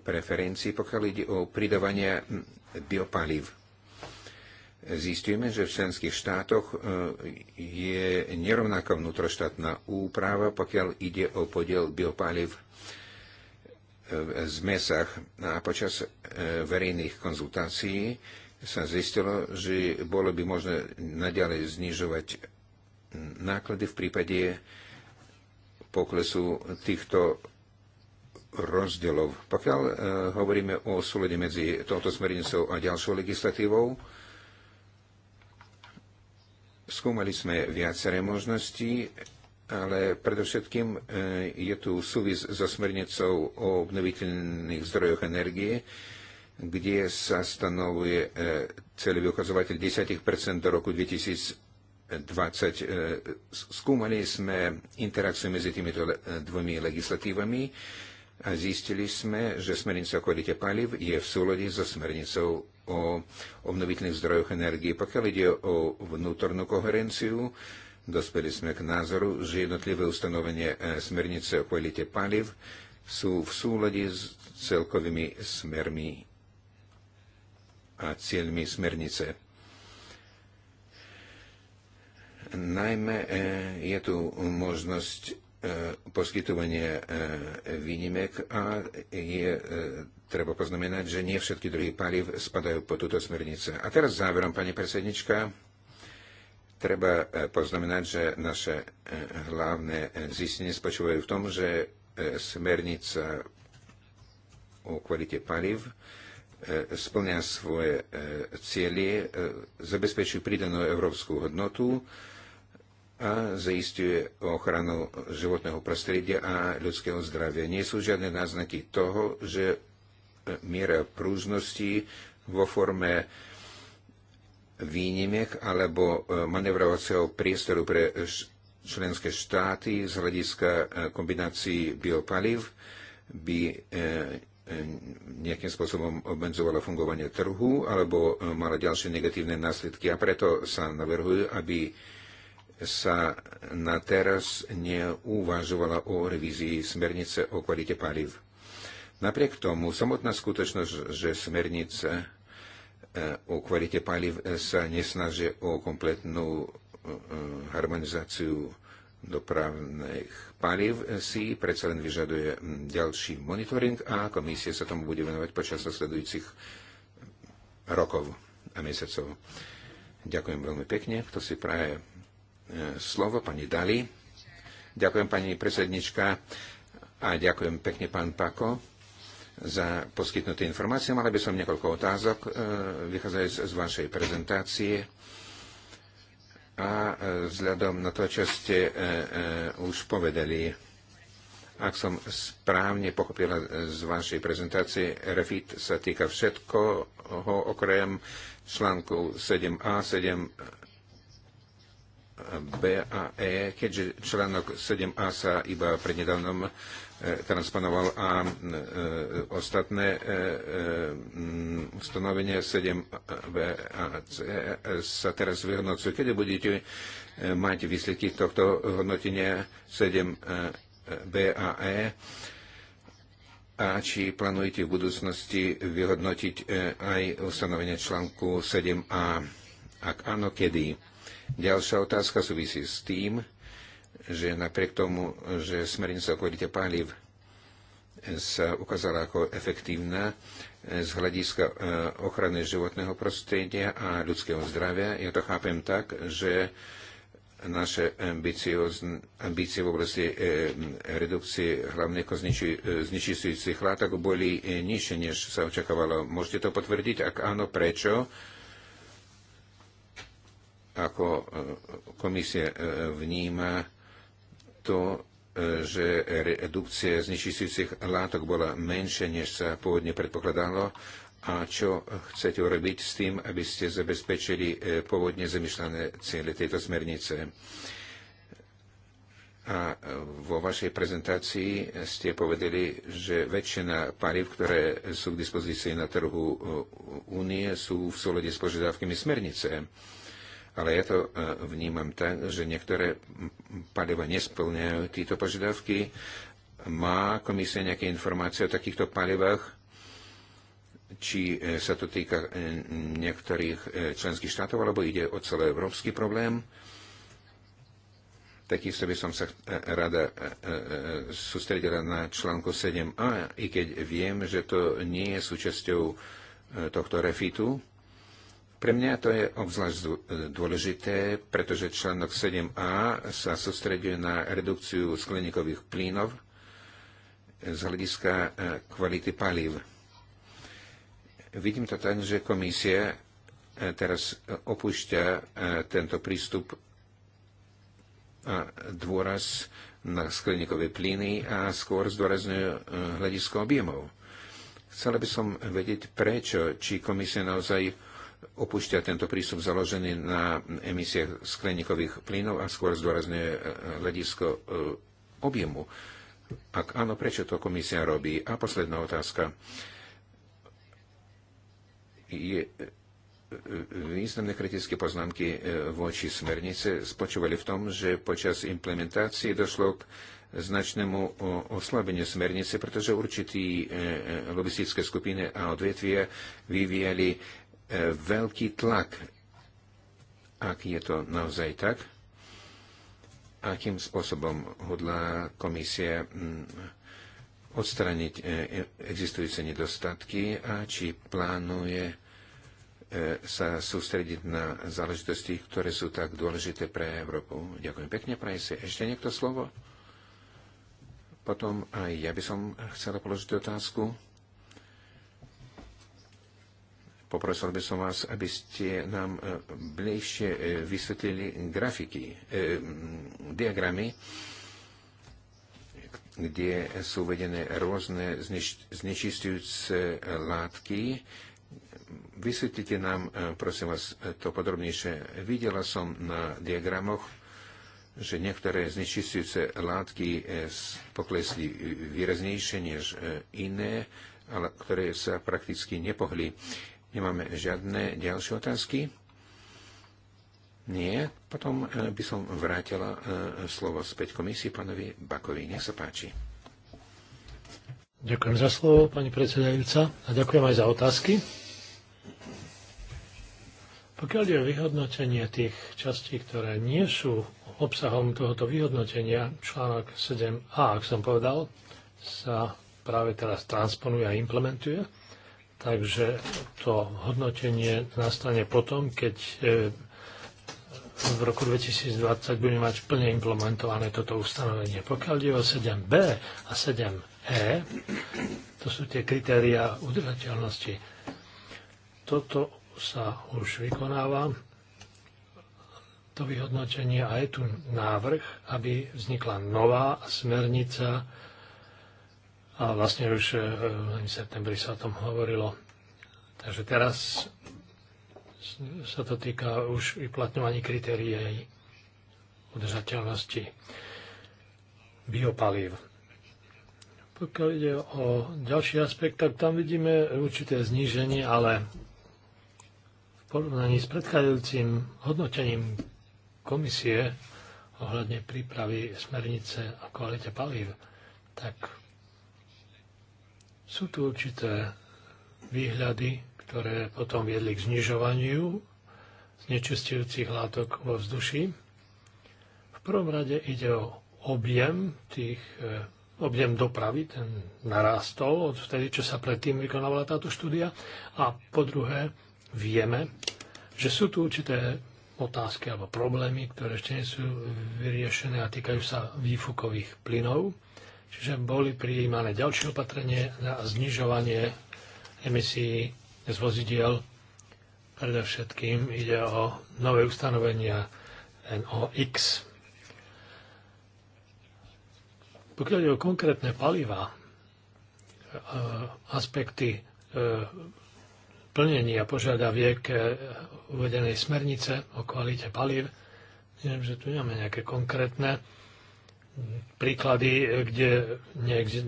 C: preferencií, pokiaľ ide o pridávanie biopalív. Zistujeme, že v členských štátoch e, je nerovnaká vnútroštátna úprava, pokiaľ ide o podiel biopalív e, v zmesách a počas e, verejných konzultácií sa zistilo, že bolo by možné naďalej znižovať náklady v prípade poklesu týchto rozdielov. Pokiaľ e, hovoríme o súlede medzi touto smernicou a ďalšou legislatívou, skúmali sme viaceré možnosti, ale predovšetkým e, je tu súvis so smernicou o obnoviteľných zdrojoch energie, kde sa stanovuje e, celý ukazovateľ 10% do roku 2020. E, skúmali sme interakciu medzi týmito e, dvomi legislatívami a zistili sme, že smernica o kvalite paliv je v súlade so smernicou o obnoviteľných zdrojoch energie. Pokiaľ ide o vnútornú koherenciu, dospeli sme k názoru, že jednotlivé ustanovenie smernice o kvalite paliv sú v súlade s celkovými smermi a cieľmi smernice. Najmä e, je tu možnosť e, poskytovania e, výnimek a je treba poznamenať, že nie všetky druhy paliv spadajú po túto smernice. A teraz záverom, pani predsednička, treba poznamenať, že naše hlavné zistenie spočívajú v tom, že smernica o kvalite paliv E, splňa svoje e, cieľe, zabezpečuje pridanú európsku hodnotu a zaistuje ochranu životného prostredia a ľudského zdravia. Nie sú žiadne náznaky toho, že miera prúžnosti vo forme výnimiek alebo e, manevrovacieho priestoru pre členské štáty z hľadiska kombinácií biopaliv by nejakým spôsobom obmedzovala fungovanie trhu alebo e, mala ďalšie negatívne následky. A preto sa navrhujú, aby sa na teraz neuvažovala o revízii smernice o kvalite paliv. Napriek tomu, samotná skutočnosť, že smernica e, o kvalite paliv sa nesnaží o kompletnú e, harmonizáciu dopravných palív si predsa len vyžaduje mm, ďalší monitoring a komisie sa tomu bude venovať počas nasledujúcich rokov a mesiacov. Ďakujem veľmi pekne. Kto si praje e, slovo? Pani Dali. Ďakujem pani predsednička a ďakujem pekne pán Pako za poskytnuté informácie. Mala by som niekoľko otázok, e, vychádzajúc z vašej prezentácie a e, vzhľadom na to, čo ste e, e, už povedali, ak som správne pochopila z vašej prezentácie, refit sa týka všetkoho okrem článku 7a, 7b a e, keďže článok 7a sa iba prednedávnom E, transponoval a e, e, ostatné ustanovenia 7b a c sa teraz vyhodnocujú. Kedy budete mať výsledky tohto hodnotenia 7b a e? A či plánujete v budúcnosti vyhodnotiť aj ustanovenie článku 7a? Ak áno, kedy? Ďalšia otázka súvisí s tým, že napriek tomu, že smernica o kvalite paliv sa ukázala ako efektívna e, z hľadiska e, ochrany životného prostredia a ľudského zdravia. Ja to chápem tak, že naše ambície v oblasti e, redukcie hlavných znečistujúcich látok boli nižšie, než sa očakávalo. Môžete to potvrdiť? Ak áno, prečo? Ako komisia vníma to, e, že redukcia znečistujúcich látok bola menšia, než sa pôvodne predpokladalo. A čo chcete urobiť s tým, aby ste zabezpečili e, pôvodne zamýšľané ciele tejto smernice? A vo vašej prezentácii ste povedali, že väčšina pariv, ktoré sú k dispozícii na trhu únie, e, sú v súlade s požiadavkami smernice ale ja to e, vnímam tak, že niektoré paliva nesplňajú tieto požiadavky. Má komisia nejaké informácie o takýchto palivách? Či e, sa to týka e, niektorých členských štátov, alebo ide o celý európsky problém? Takisto by som sa rada sústredila na článku 7a, i keď viem, že to nie je súčasťou tohto refitu pre mňa to je obzvlášť dôležité, pretože článok 7a sa sústreduje na redukciu skleníkových plynov z hľadiska e, kvality palív. Vidím to tak, že komisia e, teraz opúšťa e, tento prístup a dôraz na skleníkové plyny a skôr zdôrazňujú hľadisko objemov. Chcela by som vedieť prečo, či komisia naozaj opúšťa tento prístup založený na emisiách skleníkových plynov a skôr zdôrazňuje e, hľadisko e, objemu. Ak áno, prečo to komisia robí? A posledná otázka. Je, e, významné kritické poznámky voči smernice spočúvali v tom, že počas implementácie došlo k značnému oslabeniu smernice, pretože určití lobistické skupiny a odvetvia vyvíjali E, veľký tlak. Ak je to naozaj tak, akým spôsobom hodlá komisia mm, odstraniť e, e, existujúce nedostatky a či plánuje sa sústrediť na záležitosti, ktoré sú tak dôležité pre Európu. Ďakujem pekne, praje si ešte niekto slovo. Potom aj ja by som chcela položiť otázku. Poprosil by som vás, aby ste nám e, bližšie e, vysvetlili grafiky, e, diagramy, kde sú uvedené rôzne znečistujúce látky. Vysvetlite nám, prosím vás, to podrobnejšie. Videla som na diagramoch, že niektoré znečistujúce látky poklesli výraznejšie než iné, ale ktoré sa prakticky nepohli. Nemáme žiadne ďalšie otázky? Nie. Potom eh, by som vrátila eh, slovo späť komisii pánovi Bakovi. Nech sa páči.
A: Ďakujem za slovo, pani predsedajúca, a ďakujem aj za otázky. Pokiaľ je vyhodnotenie tých častí, ktoré nie sú obsahom tohoto vyhodnotenia, článok 7a, ak som povedal, sa práve teraz transponuje a implementuje. Takže to hodnotenie nastane potom, keď e, v roku 2020 budeme mať plne implementované toto ustanovenie. Pokiaľ ide o 7b a 7e, to sú tie kritéria udržateľnosti. Toto sa už vykonáva, to vyhodnotenie a je tu návrh, aby vznikla nová smernica a vlastne už e, v septembri sa o tom hovorilo. Takže teraz sa to týka už vyplatňovaní kritérií aj udržateľnosti biopalív. Pokiaľ ide o ďalší aspekt, tak tam vidíme určité zníženie, ale v porovnaní s predchádzajúcim hodnotením komisie ohľadne prípravy smernice o kvalite palív, tak sú tu určité výhľady, ktoré potom viedli k znižovaniu znečistujúcich látok vo vzduši. V prvom rade ide o objem tých e, objem dopravy, ten narastol od vtedy, čo sa predtým vykonávala táto štúdia. A po druhé, vieme, že sú tu určité otázky alebo problémy, ktoré ešte nie sú vyriešené a týkajú sa výfukových plynov. Čiže boli prijímané ďalšie opatrenie na znižovanie emisí z vozidiel. Predovšetkým ide o nové ustanovenia NOx. Pokiaľ ide o konkrétne paliva, e, aspekty e, plnenia požiadaviek e, uvedenej smernice o kvalite palív. Neviem, že tu nemáme nejaké konkrétne príklady, eh, kde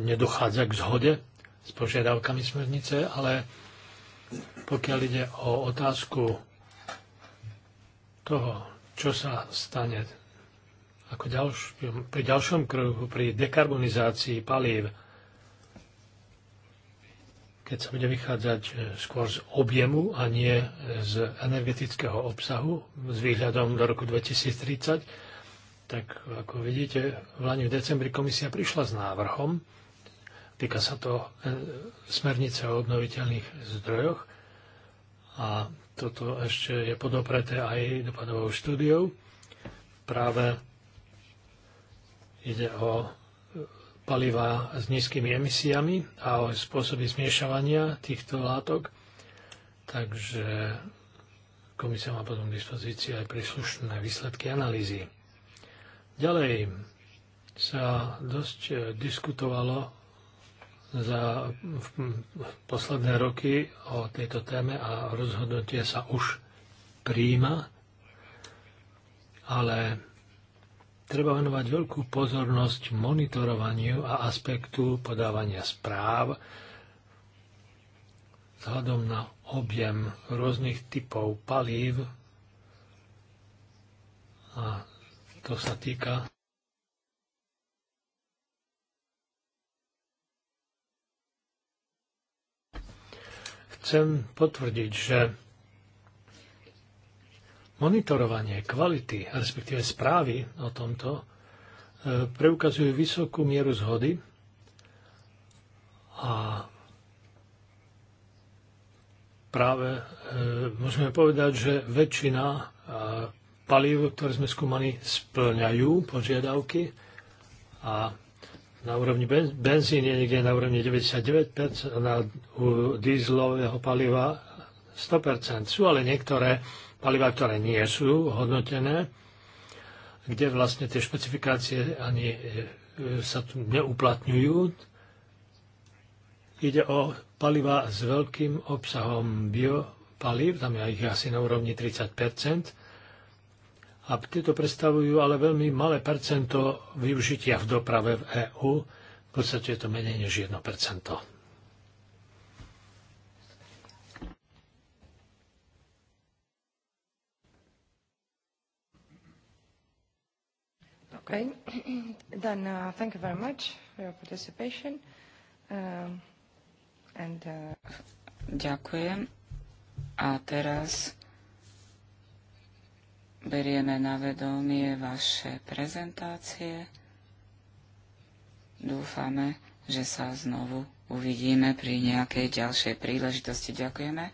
A: nedochádza k zhode s požiadavkami smernice, ale pokiaľ ide o otázku toho, čo sa stane ako ďalšom, pri ďalšom kruhu, pri dekarbonizácii palív, keď sa bude vychádzať eh, skôr z objemu a nie eh, z energetického obsahu s výhľadom do roku 2030, tak ako vidíte, v Lani v decembri komisia prišla s návrhom, týka sa to e, smernice o obnoviteľných zdrojoch a toto ešte je podopreté aj dopadovou štúdiou. Práve ide o e, paliva s nízkymi emisiami a o spôsoby zmiešavania týchto látok. Takže komisia má potom k dispozícii aj príslušné výsledky analýzy. Ďalej sa dosť e, diskutovalo za posledné roky o tejto téme a rozhodnutie sa už príjima, ale treba venovať veľkú pozornosť monitorovaniu a aspektu podávania správ vzhľadom na objem rôznych typov palív
B: a to sa týka
A: chcem potvrdiť, že monitorovanie kvality, respektíve správy o tomto, e, preukazujú vysokú mieru zhody a práve e, môžeme povedať, že väčšina palív, ktoré sme skúmali, splňajú požiadavky a na úrovni benzín je niekde na úrovni 99%, na dízlového paliva 100%. Sú ale niektoré paliva, ktoré nie sú hodnotené, kde vlastne tie špecifikácie ani e, sa tu neuplatňujú. Ide o paliva s veľkým obsahom biopaliv, tam je ich asi na úrovni 30 a tieto predstavujú ale veľmi malé percento využitia v doprave v EÚ. V podstate je to menej než 1%.
B: Okay. Then uh, thank you very much for your participation. Um, and, uh...
D: Ďakujem. A teraz Berieme na vedomie vaše prezentácie. Dúfame, že sa znovu uvidíme pri nejakej ďalšej príležitosti. Ďakujeme.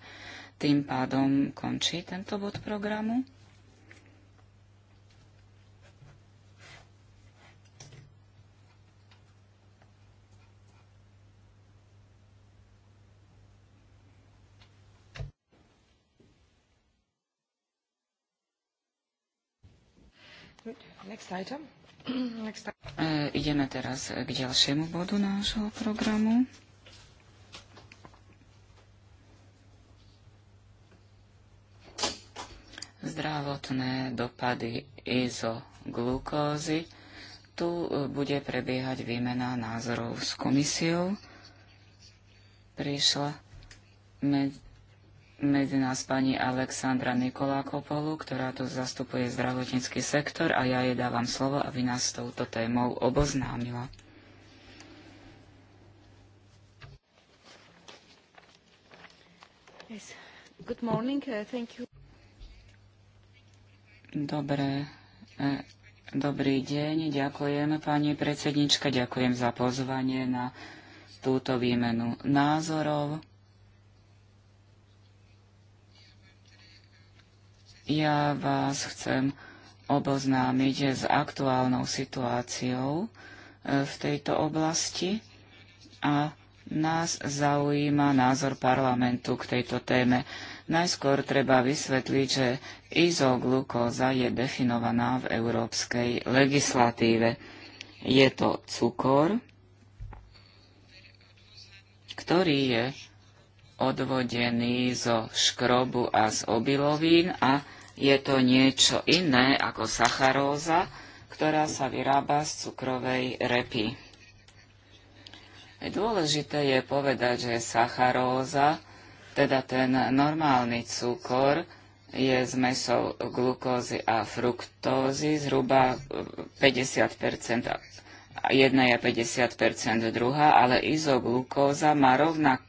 D: Tým pádom končí tento bod programu.
B: E, ideme teraz k
D: ďalšiemu bodu nášho programu. Zdravotné dopady izoglukózy. Tu e, bude prebiehať výmena názorov s komisiou. Prišla med, medzi nás pani Alexandra Nikolákopolu, ktorá tu zastupuje zdravotnícky sektor a ja jej dávam slovo, aby nás s touto témou oboznámila. Yes. Good morning. Uh, thank you. Dobre. dobrý deň. Ďakujem, pani predsednička. Ďakujem za pozvanie na túto výmenu názorov Ja vás chcem oboznámiť s aktuálnou situáciou e, v tejto oblasti a nás zaujíma názor parlamentu k tejto téme. Najskôr treba vysvetliť, že izoglukóza je definovaná v európskej legislatíve. Je to cukor, ktorý je odvodený zo škrobu a z obilovín a je to niečo iné ako sacharóza, ktorá sa vyrába z cukrovej repy. Dôležité je povedať, že sacharóza, teda ten normálny cukor, je zmesou glukózy a fruktózy, zhruba 50 e, jedna je 50 druhá, ale izoglukóza má rovnak,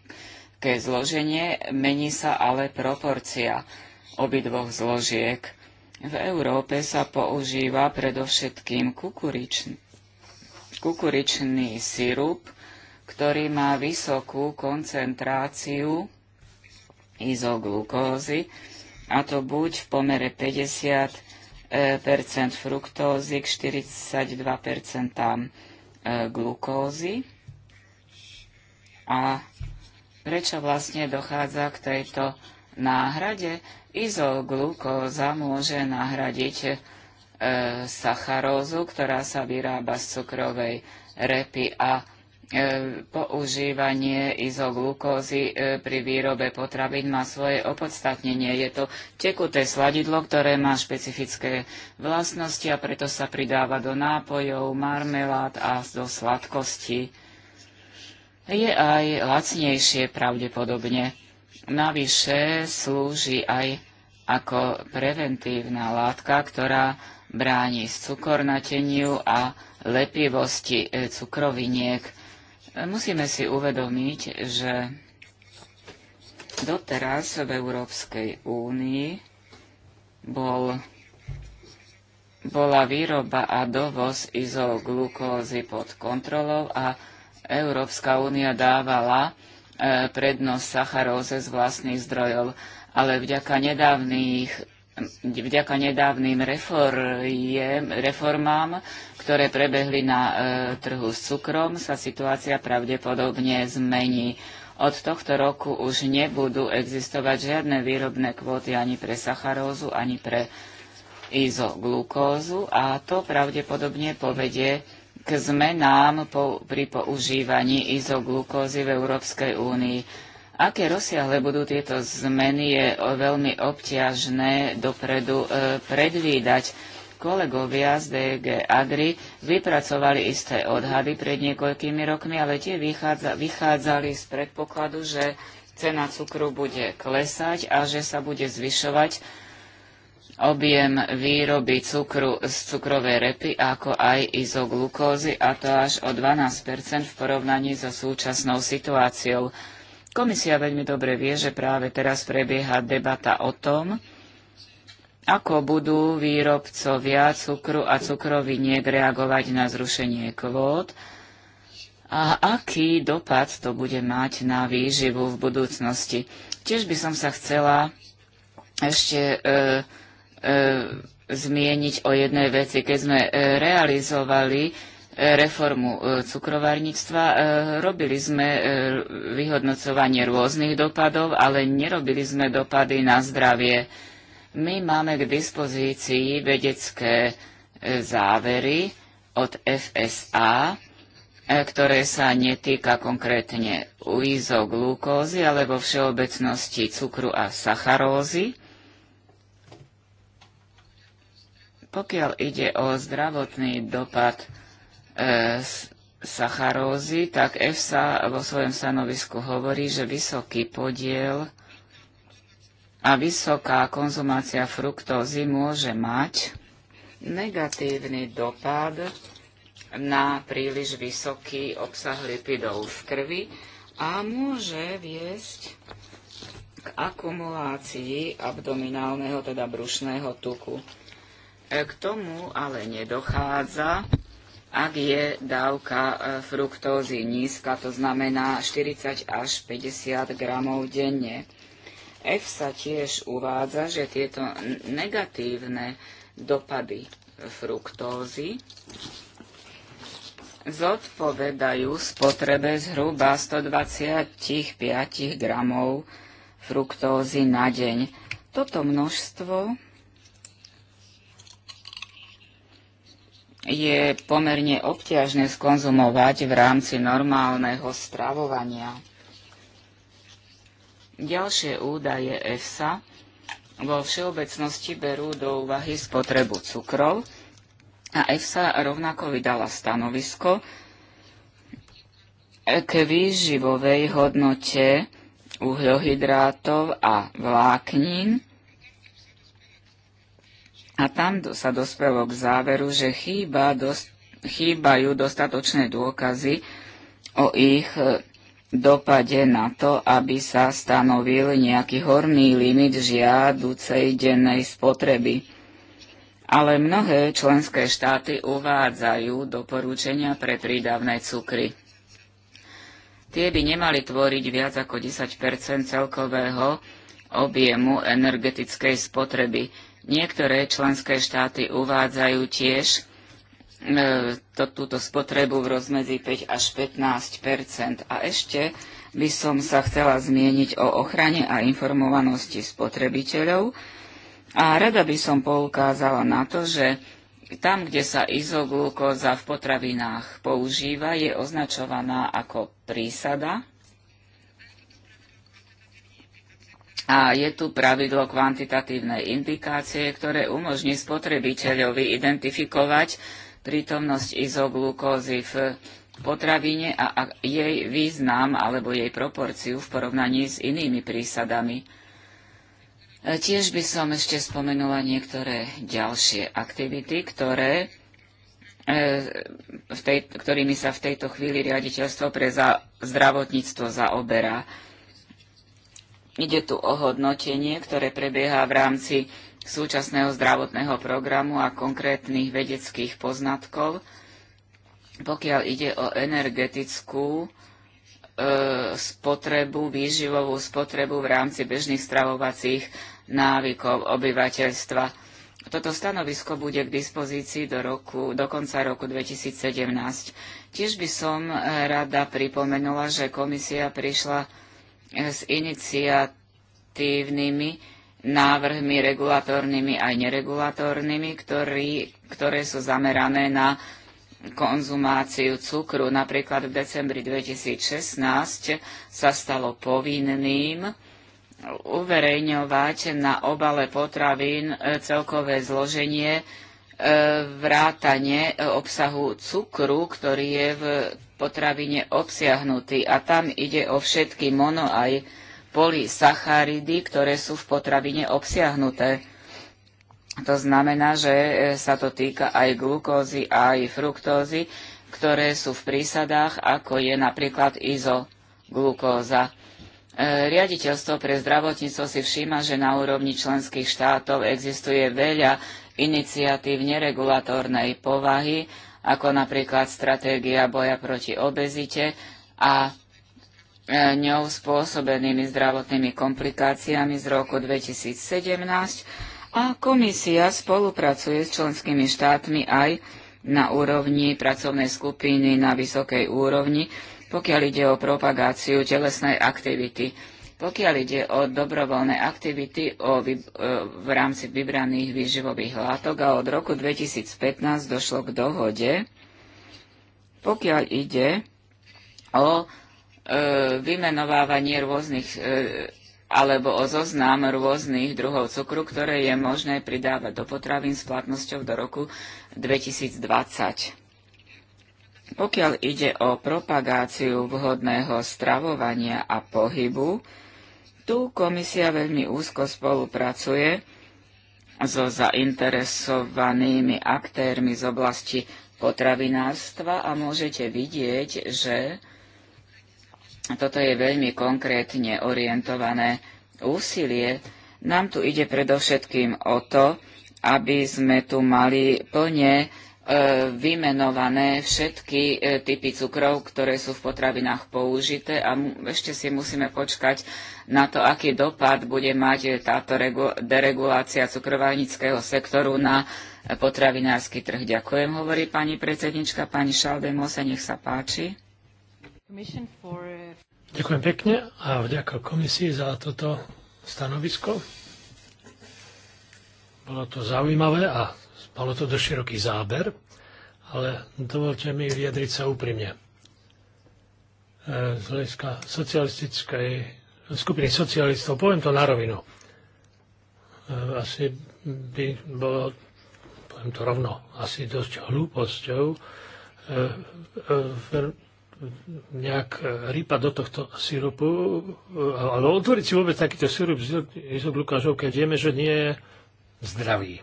D: politické zloženie, mení sa ale proporcia obidvoch zložiek. V Európe sa používa predovšetkým kukuričný sirup, ktorý má vysokú koncentráciu izoglukózy, a to buď v pomere 50 e, fruktózy k 42 e, glukózy a prečo vlastne dochádza k tejto náhrade. Izoglukóza môže nahradiť e, sacharózu, ktorá sa vyrába z cukrovej repy a e, používanie izoglukózy e, pri výrobe potravín má svoje opodstatnenie. Je to tekuté sladidlo, ktoré má špecifické vlastnosti a preto sa pridáva do nápojov, marmelád a do sladkostí je aj lacnejšie pravdepodobne. Navyše slúži aj ako preventívna látka, ktorá bráni cukornateniu a lepivosti e, cukroviniek. Musíme si uvedomiť, že doteraz v Európskej únii bol, bola výroba a dovoz izoglukózy pod kontrolou a Európska únia dávala e, prednosť sacharóze z vlastných zdrojov, ale vďaka nedávnych vďaka nedávnym reformám, ktoré prebehli na e, trhu s cukrom, sa situácia pravdepodobne zmení. Od tohto roku už nebudú existovať žiadne výrobné kvóty ani pre sacharózu, ani pre izoglukózu a to pravdepodobne povedie k zmenám po, pri používaní izoglukózy v Európskej únii. Aké rozsiahle budú tieto zmeny, je veľmi obťažné dopredu e, predvídať. Kolegovia z DG Agri vypracovali isté odhady pred niekoľkými rokmi, ale tie vychádza, vychádzali z predpokladu, že cena cukru bude klesať a že sa bude zvyšovať objem výroby cukru z cukrovej repy, ako aj izoglukózy, a to až o 12 v porovnaní so súčasnou situáciou. Komisia veľmi dobre vie, že práve teraz prebieha debata o tom, ako budú výrobcovia cukru a cukroviniek reagovať na zrušenie kvót a aký dopad to bude mať na výživu v budúcnosti. Tiež by som sa chcela ešte e, E, zmieniť o jednej veci. Keď sme e, realizovali e, reformu cukrovarníctva, robili sme vyhodnocovanie rôznych dopadov, ale nerobili sme dopady na zdravie. My máme k dispozícii vedecké závery od FSA, ktoré sa netýka konkrétne uizoglukózy alebo všeobecnosti cukru a sacharózy. Pokiaľ ide o zdravotný dopad e, sacharózy, tak EFSA vo svojom stanovisku hovorí, že vysoký podiel a vysoká konzumácia fruktózy môže mať negatívny dopad na príliš vysoký obsah lipidov v krvi a môže viesť k akumulácii abdominálneho, teda brušného tuku. K tomu ale nedochádza, ak je dávka e, fruktózy nízka, to znamená 40 až 50 gramov denne. sa tiež uvádza, že tieto negatívne dopady fruktózy zodpovedajú spotrebe zhruba 125 gramov fruktózy na deň. Toto množstvo je pomerne obťažné skonzumovať v rámci normálneho stravovania. Ďalšie údaje EFSA vo všeobecnosti berú do úvahy spotrebu cukrov a EFSA rovnako vydala stanovisko k výživovej hodnote uhľohydrátov a vláknín a tam sa dospelo k záveru, že chýba dosť, chýbajú dostatočné dôkazy o ich e, dopade na to, aby sa stanovil nejaký horný limit žiaducej dennej spotreby. Ale mnohé členské štáty uvádzajú doporučenia pre prídavné cukry. Tie by nemali tvoriť viac ako 10 celkového objemu energetickej spotreby. Niektoré členské štáty uvádzajú tiež e, to, túto spotrebu v rozmedzi 5 až 15 A ešte by som sa chcela zmieniť o ochrane a informovanosti spotrebiteľov. A rada by som poukázala na to, že tam, kde sa izoglukóza v potravinách používa, je označovaná ako prísada A je tu pravidlo kvantitatívnej indikácie, ktoré umožní spotrebiteľovi identifikovať prítomnosť izoglukózy v potravine a jej význam alebo jej proporciu v porovnaní s inými prísadami. E, tiež by som ešte spomenula niektoré ďalšie aktivity, ktoré, e, v tej, ktorými sa v tejto chvíli riaditeľstvo pre zdravotníctvo zaoberá. Ide tu o hodnotenie, ktoré prebieha v rámci súčasného zdravotného programu a konkrétnych vedeckých poznatkov, pokiaľ ide o energetickú e, spotrebu, výživovú spotrebu v rámci bežných stravovacích návykov obyvateľstva. Toto stanovisko bude k dispozícii do, roku, do konca roku 2017. Tiež by som e, rada pripomenula, že komisia prišla s iniciatívnymi návrhmi regulatórnymi aj neregulatórnymi, ktorý, ktoré sú zamerané na konzumáciu cukru. Napríklad v decembri 2016 sa stalo povinným uverejňovať na obale potravín e, celkové zloženie E, vrátane e, obsahu cukru, ktorý je v potravine obsiahnutý. A tam ide o všetky mono aj polysacharidy, ktoré sú v potravine obsiahnuté. To znamená, že e, sa to týka aj glukózy, aj fruktózy, ktoré sú v prísadách, ako je napríklad izoglukóza. Riaditeľstvo pre zdravotníctvo si všíma, že na úrovni členských štátov existuje veľa iniciatív neregulatórnej povahy, ako napríklad stratégia boja proti obezite a e, ňou spôsobenými zdravotnými komplikáciami z roku 2017 a komisia spolupracuje s členskými štátmi aj na úrovni pracovnej skupiny na vysokej úrovni, pokiaľ ide o propagáciu telesnej aktivity. Pokiaľ ide o dobrovoľné aktivity o, e, v rámci vybraných výživových látok a od roku 2015 došlo k dohode, pokiaľ ide o e, vymenovávanie rôznych e, alebo o zoznam rôznych druhov cukru, ktoré je možné pridávať do potravín s platnosťou do roku 2020. Pokiaľ ide o propagáciu vhodného stravovania a pohybu, tu komisia veľmi úzko spolupracuje so zainteresovanými aktérmi z oblasti potravinárstva a môžete vidieť, že toto je veľmi konkrétne orientované úsilie. Nám tu ide predovšetkým o to, aby sme tu mali plne E, vymenované všetky e, typy cukrov, ktoré sú v potravinách použité a ešte si musíme počkať na to, aký dopad bude mať e, táto deregulácia cukrovarnického sektoru na potravinársky trh. Ďakujem, hovorí pani predsednička, pani Šaldemose, nech sa páči.
A: Ďakujem pekne a vďaka komisii za toto stanovisko. Bolo to zaujímavé a Malo to dosť široký záber, ale dovolte mi vyjadriť sa úprimne. E, z hľadiska socialistickej skupiny socialistov, poviem to na rovinu. E, asi by bolo, poviem to rovno, asi dosť hlúposťou e, nejak rýpať do tohto syrupu, alebo otvoriť si vôbec takýto syrup z izoglukážov, keď vieme, že nie je zdravý.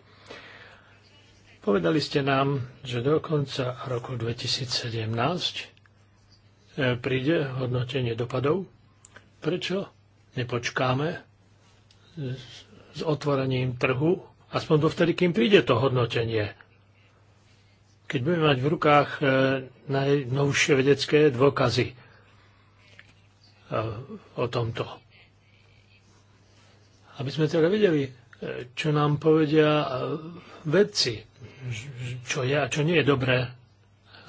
A: Povedali ste nám, že do konca roku 2017 e, príde hodnotenie dopadov. Prečo nepočkáme s otvorením trhu, aspoň dovtedy, kým príde to hodnotenie? Keď budeme mať v rukách e, najnovšie vedecké dôkazy e, o tomto. Aby sme teda vedeli, čo nám povedia vedci čo je a čo nie je dobré,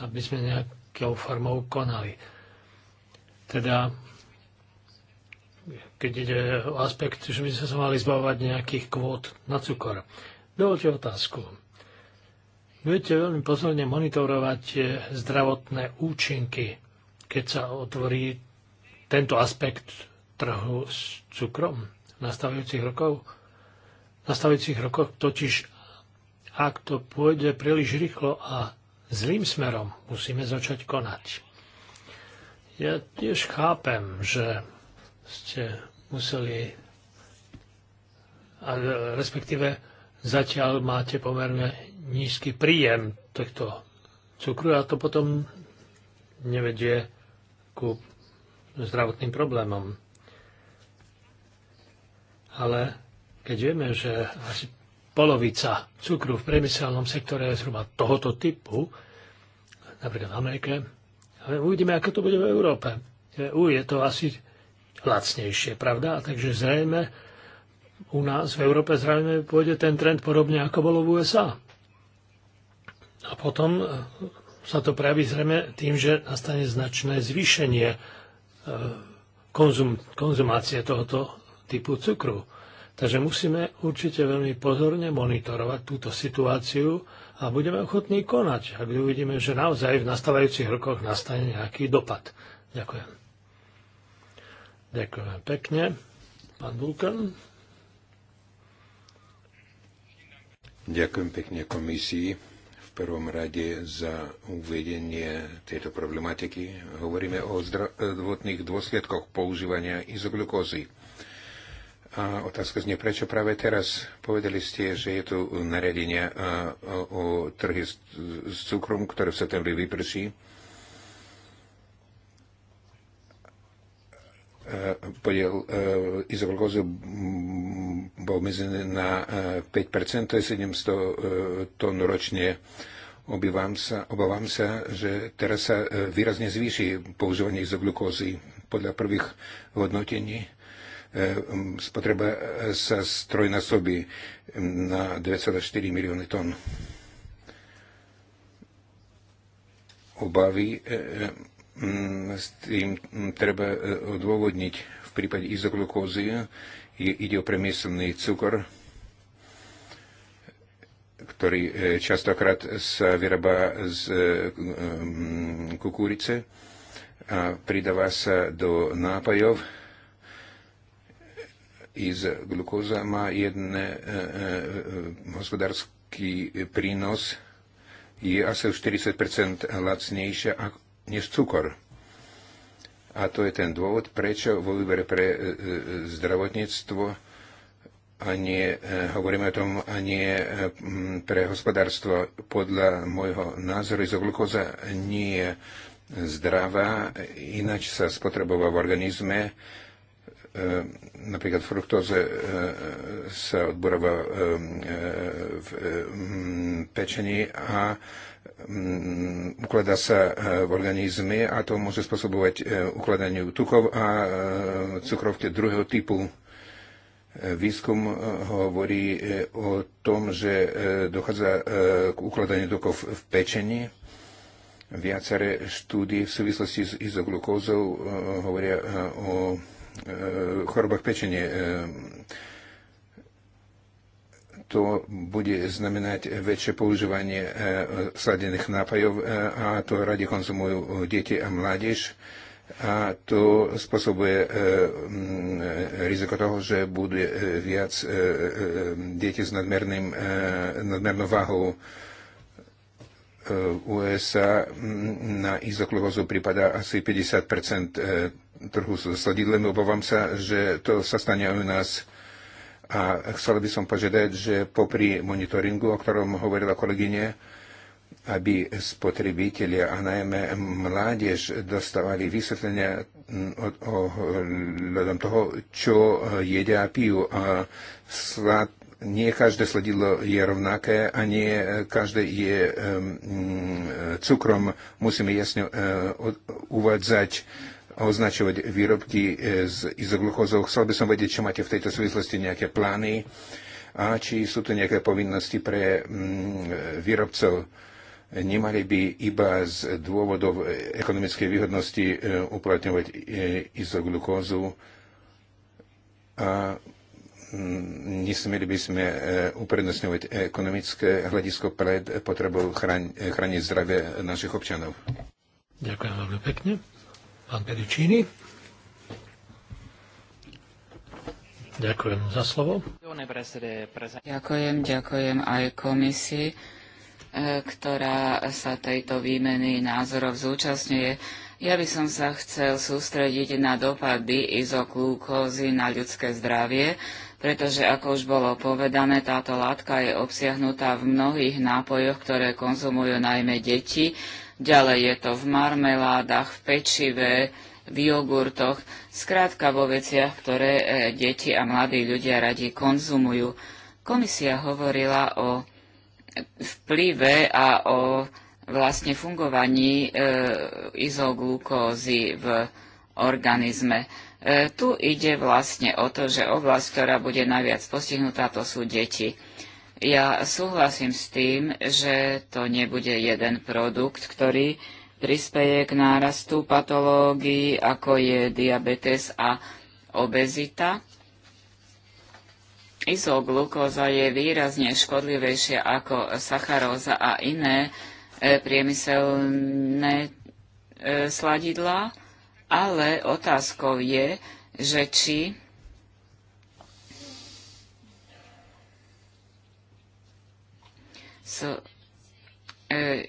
A: aby sme nejakou formou konali. Teda, keď ide o aspekt, že by sme sa mali zbavovať nejakých kvót na cukor. Dovolte otázku. Budete veľmi pozorne monitorovať eh, zdravotné účinky, keď sa otvorí tento aspekt trhu s cukrom nastavujúcich rokoch. V nastavujúcich rokoch totiž ak to pôjde príliš rýchlo a zlým smerom, musíme začať konať. Ja tiež chápem, že ste museli, respektíve zatiaľ máte pomerne nízky príjem tohto cukru a to potom nevedie ku zdravotným problémom. Ale keď vieme, že asi polovica cukru v priemyselnom sektore je zhruba tohoto typu, napríklad v Amerike. Ale uvidíme, ako to bude v Európe. EU je to asi lacnejšie, pravda? Takže zrejme u nás v Európe zrejme pôjde ten trend podobne, ako bolo v USA. A potom e, sa to prejaví zrejme tým, že nastane značné zvýšenie e, konzum, konzumácie tohoto typu cukru. Takže musíme určite veľmi pozorne monitorovať túto situáciu a budeme ochotní konať, ak uvidíme, že naozaj v nastávajúcich rokoch nastane nejaký dopad. Ďakujem. Ďakujem pekne. Pán Vulkan.
C: Ďakujem pekne komisii v prvom rade za uvedenie tejto problematiky. Hovoríme o zdravotných dôsledkoch používania izoglukózy a otázka znie, prečo práve teraz povedali ste, že je tu nariadenie o, trhy s, s cukrom, ktoré v septembri vyprší. podiel izoglukozy bol mezený na 5%, to je 700 e, tón ročne. Obávam sa, obávam sa, že teraz sa e, výrazne zvýši používanie izoglukózy podľa prvých hodnotení E, spotreba e, sa strojnásobí na 2,4 milióny tón. Obavy e, s tým treba odôvodniť. V prípade izoglukózy ide o premiesený cukor, ktorý častokrát sa vyrába z kukurice a pridáva sa do nápajov iz glukóza má jedné e, e, e, hospodársky prínos, je asi o 40 lacnejšia než cukor. A to je ten dôvod, prečo vo výbere pre zdravotníctvo a nie, hovoríme o tom, a nie pre hospodárstvo. Podľa môjho názoru izoglukóza nie je zdravá, ináč sa spotrebovala v organizme E, napríklad fruktóze e, e, sa odboráva v pečení a ukladá sa v organizme a to môže spôsobovať ukladaniu tukov a cukrov druhého typu. Výskum hovorí o tom, že dochádza k ukladaniu tukov v pečení. Viaceré štúdie v súvislosti s izoglukózou hovoria o E, chorobách pečenie. To bude znamenať väčšie používanie e, sladených nápajov e, a to radi konzumujú deti a mládež a to spôsobuje e, riziko toho, že bude viac e, e, deti s nadmerným, e, nadmernou váhou e, Eh, USA mm, na izoklovozu prípada asi 50 eh, trhu so sladidlem. Obávam sa, že to sa stane aj u nás. A chcel by som požiadať, že popri monitoringu, o ktorom hovorila kolegyne, aby spotrebitelia a najmä mládež dostávali vysvetlenia mm, o, o, o toho, čo jedia a pijú. A slad, nie každé sledidlo je rovnaké a nie každé je um, cukrom. Musíme jasne uh, uvádzať a označovať výrobky e, z izoglukózov. Chcel by som vedieť, čo máte v tejto súvislosti nejaké plány a či sú tu nejaké povinnosti pre um, výrobcov. Nemali by iba z dôvodov e, ekonomickej výhodnosti uplatňovať izoglukózu. a Mm, Nesmeli by sme e, uprednostňovať ekonomické hľadisko pred potrebou chráň, e, chrániť zdravie našich občanov.
A: Ďakujem veľmi pekne. Pán Pedicini. Ďakujem za slovo.
D: Ďakujem, ďakujem aj komisii, e, ktorá sa tejto výmeny názorov zúčastňuje. Ja by som sa chcel sústrediť na dopady izoklúkozy na ľudské zdravie, pretože ako už bolo povedané, táto látka je obsiahnutá v mnohých nápojoch, ktoré konzumujú najmä deti. Ďalej je to v marmeládach, v pečive, v jogurtoch, skrátka vo veciach, ktoré e, deti a mladí ľudia radi konzumujú. Komisia hovorila o vplyve a o vlastne fungovaní e, izoglukózy v organizme. E, tu ide vlastne o to, že oblasť, ktorá bude najviac postihnutá, to sú deti. Ja súhlasím s tým, že to nebude jeden produkt, ktorý prispeje k nárastu patológií, ako je diabetes a obezita. Izoglukóza je výrazne škodlivejšia ako sacharóza a iné e, priemyselné e, sladidlá ale otázkou je, že či so, e,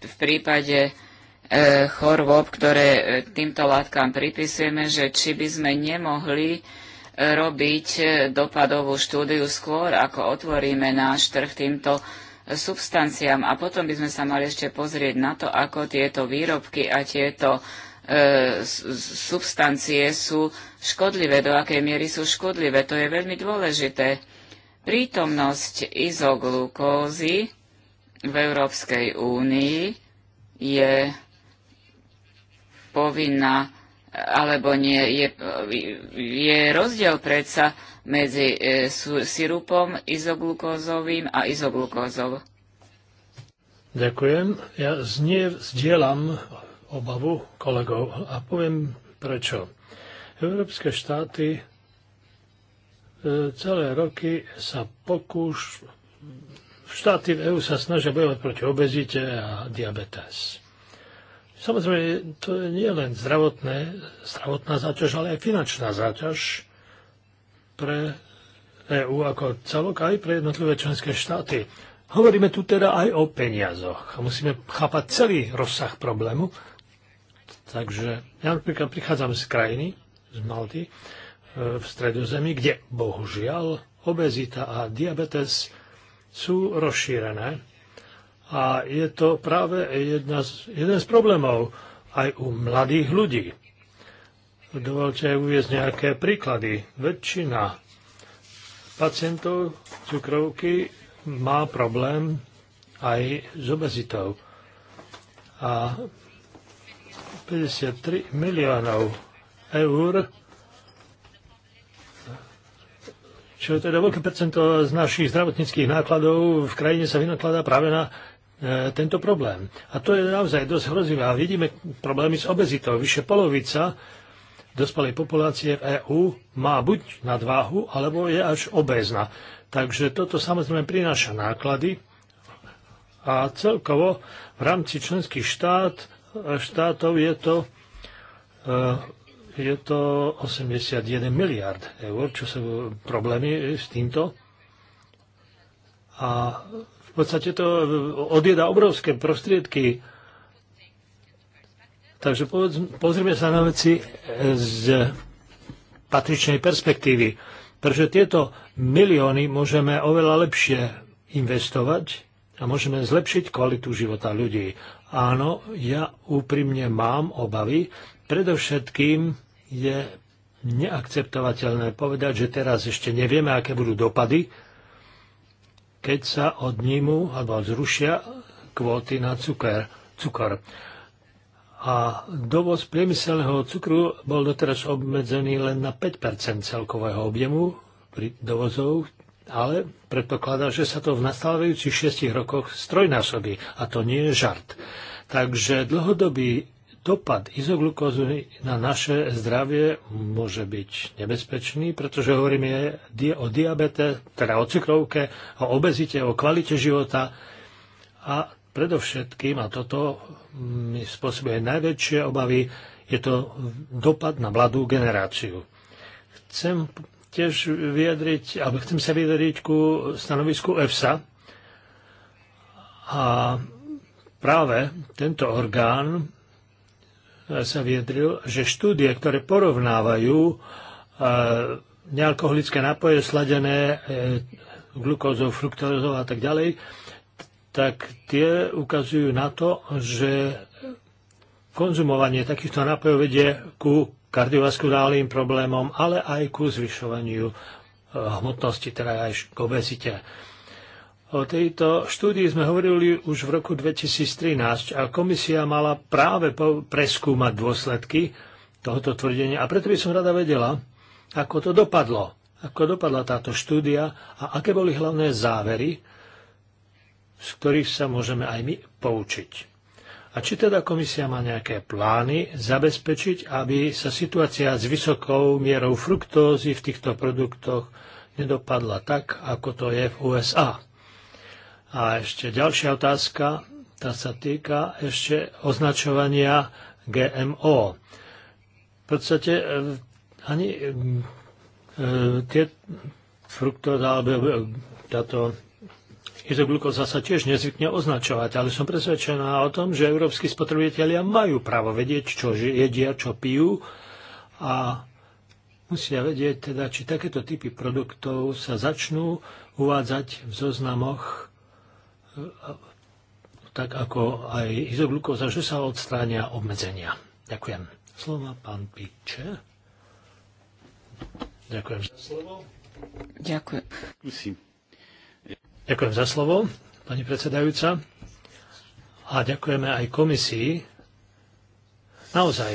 D: v prípade e, chorôb, ktoré e, týmto látkám pripisujeme, že či by sme nemohli e, robiť e, dopadovú štúdiu skôr, ako otvoríme náš trh týmto substanciám. A potom by sme sa mali ešte pozrieť na to, ako tieto výrobky a tieto substancie sú škodlivé, do akej miery sú škodlivé. To je veľmi dôležité. Prítomnosť izoglukózy v Európskej únii je povinná alebo nie, je, je rozdiel predsa medzi e, sirupom izoglukózovým a izoglukózovým.
A: Ďakujem. Ja znie, zdieľam obavu kolegov a poviem prečo. Európske štáty e, celé roky sa pokúš... Štáty v EÚ sa snažia bojovať proti obezite a diabetes. Samozrejme, to je nie len zdravotné, zdravotná záťaž, ale aj finančná záťaž pre EÚ ako celok, aj pre jednotlivé členské štáty. Hovoríme tu teda aj o peniazoch. Musíme chápať celý rozsah problému Takže ja napríklad prichádzam z krajiny, z Malty, e, v stredozemi, kde bohužiaľ obezita a diabetes sú rozšírené. A je to práve jedna z, jeden z problémov aj u mladých ľudí. Dovolte aj uviezť nejaké príklady. Väčšina pacientov cukrovky má problém aj s obezitou. A 53 miliónov eur, čo je teda veľké percento z našich zdravotníckých nákladov v krajine sa vynakladá práve na e, tento problém. A to je naozaj dosť hrozivé. A vidíme problémy s obezitou. Vyše polovica dospelej populácie v EÚ má buď nadváhu, alebo je až obézna. Takže toto samozrejme prináša náklady a celkovo v rámci členských štát štátov je to, eh, je to 81 miliard eur, čo sú problémy s týmto. A v podstate to eh, odjeda obrovské prostriedky. Takže pozrieme sa na veci eh, z patričnej perspektívy. Takže tieto milióny môžeme oveľa lepšie investovať a môžeme zlepšiť kvalitu života ľudí. Áno, ja úprimne mám obavy. Predovšetkým je neakceptovateľné povedať, že teraz ešte nevieme, aké budú dopady, keď sa odnímu alebo zrušia kvóty na cukor. cukor. A dovoz priemyselného cukru bol doteraz obmedzený len na 5 celkového objemu pri dovozov ale predpokladá, že sa to v nastávajúcich šiestich rokoch strojnásobí a to nie je žart. Takže dlhodobý dopad izoglukózy na naše zdravie môže byť nebezpečný, pretože hovoríme o diabete, teda o cukrovke, o obezite, o kvalite života a predovšetkým, a toto mi spôsobuje najväčšie obavy, je to dopad na mladú generáciu. Chcem tiež vyjadriť, alebo chcem sa vyjadriť ku stanovisku EFSA. A práve tento orgán sa vyjadril, že štúdie, ktoré porovnávajú e, nealkoholické nápoje sladené e, glukózou, fruktózou a tak ďalej, tak tie ukazujú na to, že konzumovanie takýchto nápojov vedie ku kardiovaskulárnym problémom, ale aj ku zvyšovaniu eh, hmotnosti, teda aj k obezite. O tejto štúdii sme hovorili už v roku 2013 a komisia mala práve preskúmať dôsledky tohoto tvrdenia a preto by som rada vedela, ako to dopadlo, ako dopadla táto štúdia a aké boli hlavné závery, z ktorých sa môžeme aj my poučiť. A či teda komisia má nejaké plány zabezpečiť, aby sa situácia s vysokou mierou fruktózy v týchto produktoch nedopadla tak, ako to je v USA? A ešte ďalšia otázka, tá sa týka ešte označovania GMO. V podstate e, ani e, e, tie fruktóza alebo táto izoglukoza sa tiež nezvykne označovať, ale som presvedčená o tom, že európsky spotrebitelia majú právo vedieť, čo jedia, čo pijú a musia vedieť, teda, či takéto typy produktov sa začnú uvádzať v zoznamoch e, tak ako aj izoglukóza, že sa odstránia obmedzenia. Ďakujem. Slova pán Piče. Ďakujem za slovo. Ďakujem. Skúsim. Ďakujem za slovo, pani predsedajúca. A ďakujeme aj komisii. Naozaj,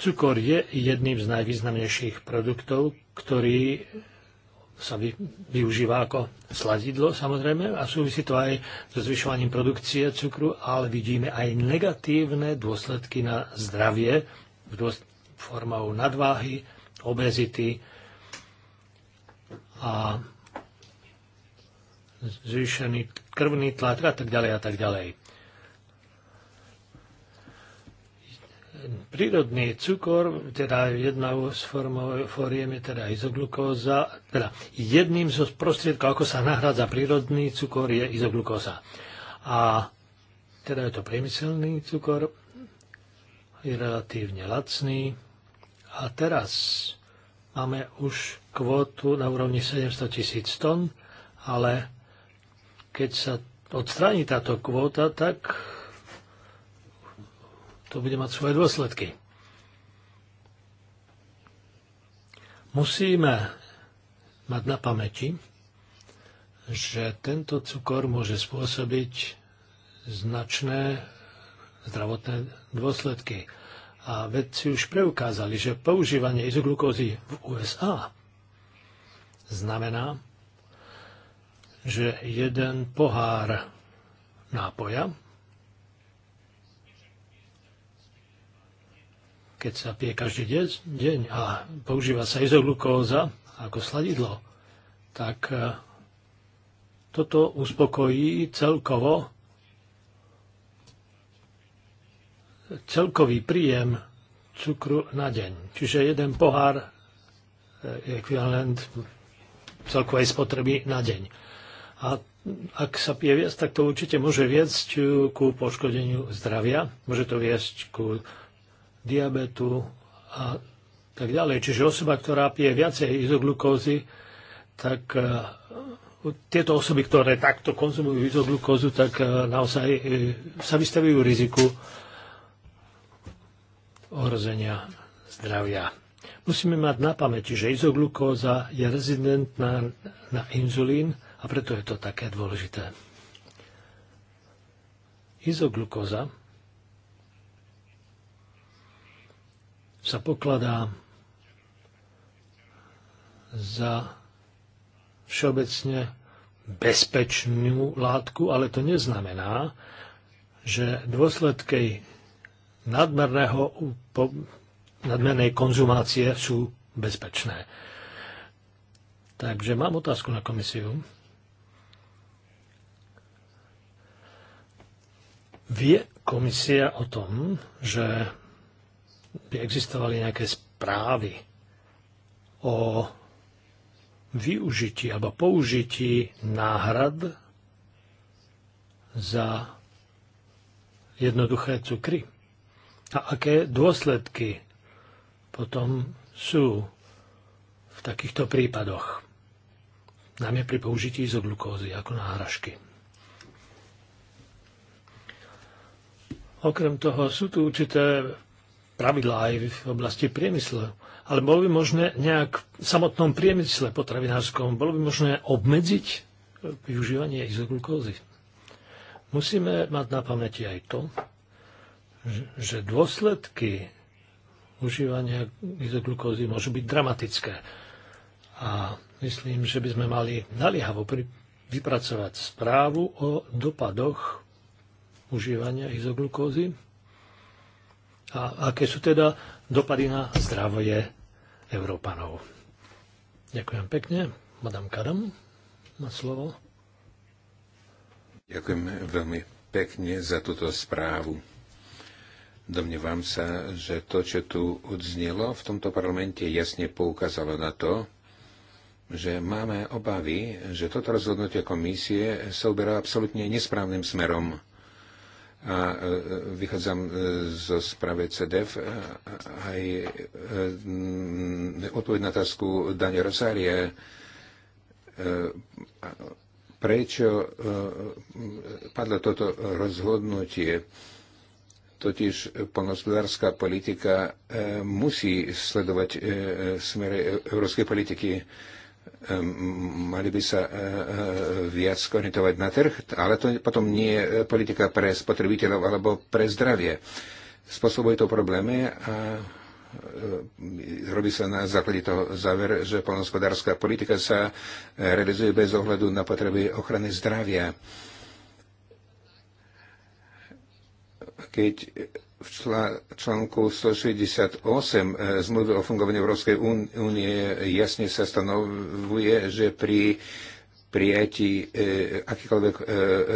A: cukor je jedným z najvýznamnejších produktov, ktorý sa využíva ako sladidlo samozrejme a súvisí to aj so zvyšovaním produkcie cukru, ale vidíme aj negatívne dôsledky na zdravie dôs- formou nadváhy, obezity a zvýšený krvný tlak a tak ďalej a tak ďalej. prírodný cukor, teda jedna z foriem je teda izoglukóza, teda jedným zo prostriedkov, ako sa nahrádza prírodný cukor, je izoglukóza. A teda je to priemyselný cukor, je relatívne lacný. A teraz máme už kvotu na úrovni 700 tisíc tón, ale keď sa odstráni táto kvóta, tak to bude mať svoje dôsledky. Musíme mať na pamäti, že tento cukor môže spôsobiť značné zdravotné dôsledky. A vedci už preukázali, že používanie izoglukózy v USA znamená, že jeden pohár nápoja, keď sa pije každý deň a používa sa izoglukóza ako sladidlo, tak e, toto uspokojí celkovo celkový príjem cukru na deň. Čiže jeden pohár e, je ekvivalent celkovej spotreby na deň a ak sa pije viac, tak to určite môže viesť ku poškodeniu zdravia, môže to viesť ku diabetu a tak ďalej. Čiže osoba, ktorá pije viacej izoglukózy, tak e, tieto osoby, ktoré takto konzumujú izoglukózu, tak e, naozaj e, sa vystavujú riziku ohrozenia zdravia. Musíme mať na pamäti, že izoglukóza je rezidentná na inzulín, a preto je to také dôležité. Izoglukoza sa pokladá za všeobecne bezpečnú látku, ale to neznamená, že dôsledky nadmerného, po, nadmernej konzumácie sú bezpečné. Takže mám otázku na komisiu. Vie komisia o tom, že by existovali nejaké správy o využití alebo použití náhrad za jednoduché cukry. A aké dôsledky potom sú v takýchto prípadoch, najmä pri použití izoglukózy ako náhražky. Okrem toho sú tu určité pravidlá aj v oblasti priemyslu. Ale bolo by možné nejak v samotnom priemysle potravinárskom, bolo by možné obmedziť využívanie izoglukózy. Musíme mať na pamäti aj to, že dôsledky užívania izoglukózy môžu byť dramatické. A myslím, že by sme mali naliehavo vypracovať správu o dopadoch užívania izoglukózy a aké sú teda dopady na zdravie Európanov. Ďakujem pekne. Madame Karam má slovo.
C: Ďakujem veľmi pekne za túto správu. Domnievam sa, že to, čo tu odznelo v tomto parlamente, jasne poukázalo na to, že máme obavy, že toto rozhodnutie komisie sa uberá absolútne nesprávnym smerom a e, e, vychádzam e, zo správy CDF aj odpoveď na otázku Dania Rosárie prečo padlo toto rozhodnutie totiž polnospodárska politika musí sledovať smery európskej politiky Ehm, mali by sa e, e, viac skonitovať na trh, ale to potom nie je e, politika pre spotrebiteľov alebo pre zdravie. Spôsobuje to problémy a robí sa na základe toho záver, že polnospodárska politika sa realizuje bez ohľadu na potreby ochrany zdravia. Keď v čl- článku 168 e, zmluvy o fungovaní Európskej únie jasne sa stanovuje, že pri prijatí e, akýkoľvek e,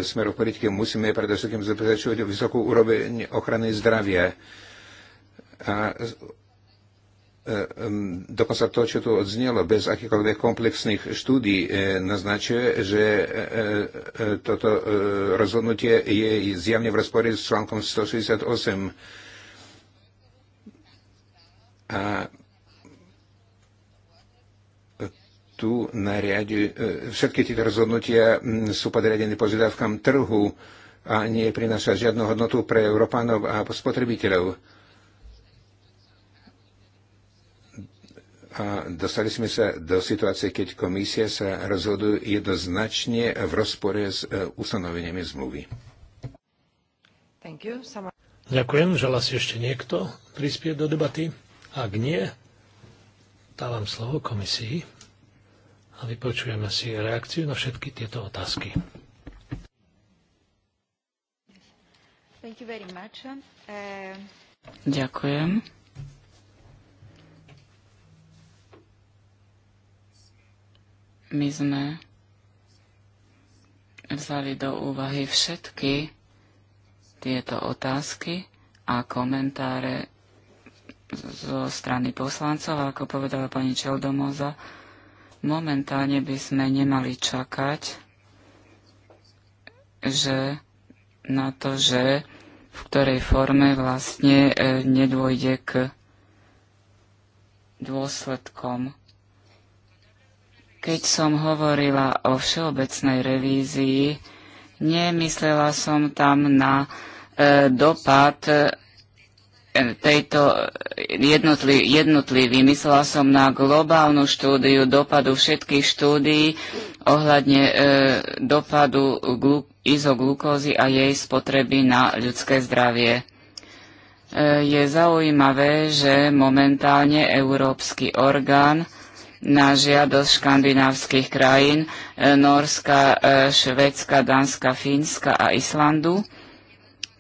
C: smerov politiky musíme predovšetkým zabezpečovať vysokú úroveň ochrany zdravia. A Ehm, dokonca to, čo tu odznelo, bez akýchkoľvek komplexných štúdí e, naznačuje, že e, e, toto rozhodnutie je zjavne v rozpore s článkom 168 a tu nariadi, všetky tieto rozhodnutia sú podriadené požiadavkám trhu a nie prináša žiadnu hodnotu pre Európanov a spotrebiteľov A dostali sme sa do situácie, keď komisia sa rozhoduje jednoznačne v rozpore s e, ustanoveniami zmluvy.
B: Sama...
A: Ďakujem. Želá si ešte niekto prispieť do debaty? Ak nie, dávam slovo komisii a vypočujeme si reakciu na všetky tieto otázky.
D: Thank you very much. Uh... Ďakujem. My sme vzali do úvahy všetky tieto otázky a komentáre zo strany poslancov, ako povedala pani Čeldomoza, momentálne by sme nemali čakať, že na to, že v ktorej forme vlastne eh, nedôjde k dôsledkom. Keď som hovorila o všeobecnej revízii, nemyslela som tam na e, dopad e, tejto jednotli, jednotlivý. Myslela som na globálnu štúdiu dopadu všetkých štúdií ohľadne e, dopadu glu, izoglukózy a jej spotreby na ľudské zdravie. E, je zaujímavé, že momentálne Európsky orgán na žiadosť škandinávskych krajín e, Norska, e, Švedska, Dánska, Fínska a Islandu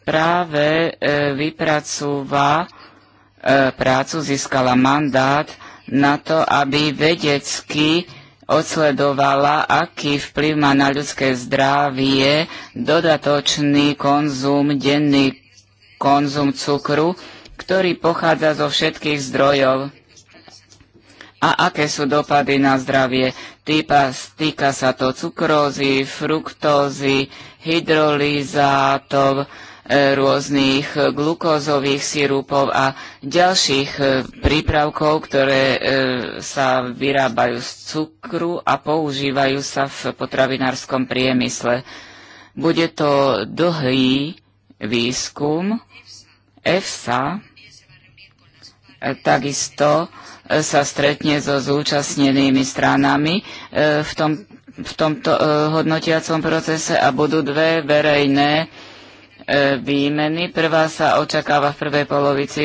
D: práve e, vypracúva prácu, získala mandát na to, aby vedecky odsledovala, aký vplyv má na ľudské zdravie dodatočný konzum, denný konzum cukru, ktorý pochádza zo všetkých zdrojov a aké sú dopady na zdravie. Týpa, týka sa to cukrózy, fruktózy, hydrolizátov, e, rôznych glukózových sirupov a ďalších e, prípravkov, ktoré e, sa vyrábajú z cukru a používajú sa v potravinárskom priemysle. Bude to dlhý výskum EFSA, takisto sa stretne so zúčastnenými stranami e, v, tom, v tomto e, hodnotiacom procese a budú dve verejné e, výmeny. Prvá sa očakáva v prvej polovici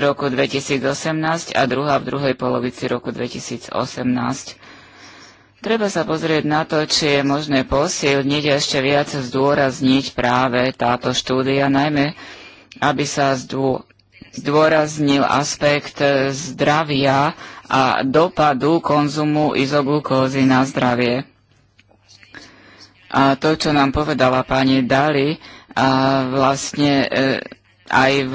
D: roku 2018 a druhá v druhej polovici roku 2018. Treba sa pozrieť na to, či je možné posilniť a ešte viac zdôrazniť práve táto štúdia, najmä aby sa zdô, zdôraznil aspekt e, zdravia a dopadu konzumu izoglukózy na zdravie. A to, čo nám povedala pani Dali, a vlastne e, aj v,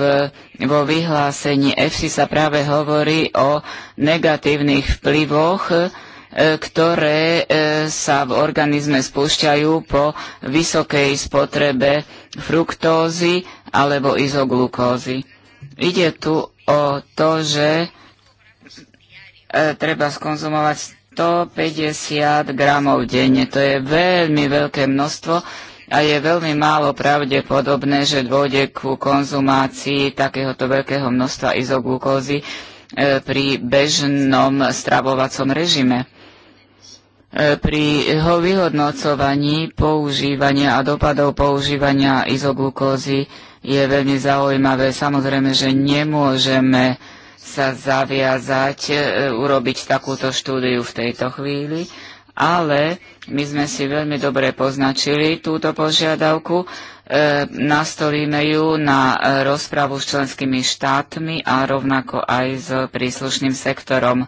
D: vo vyhlásení EFSI sa práve hovorí o negatívnych vplyvoch, e, ktoré sa v organizme spúšťajú po vysokej spotrebe fruktózy alebo izoglukózy. Ide tu o to, že e, treba skonzumovať 150 gramov denne. To je veľmi veľké množstvo a je veľmi málo pravdepodobné, že dôjde ku konzumácii takéhoto veľkého množstva izoglukózy e, pri bežnom stravovacom režime. E, pri jeho vyhodnocovaní používania a dopadov používania izoglukózy je veľmi zaujímavé. Samozrejme, že nemôžeme sa zaviazať e, urobiť takúto štúdiu v tejto chvíli, ale my sme si veľmi dobre poznačili túto požiadavku, e, nastolíme ju na e, rozpravu s členskými štátmi a rovnako aj s príslušným sektorom.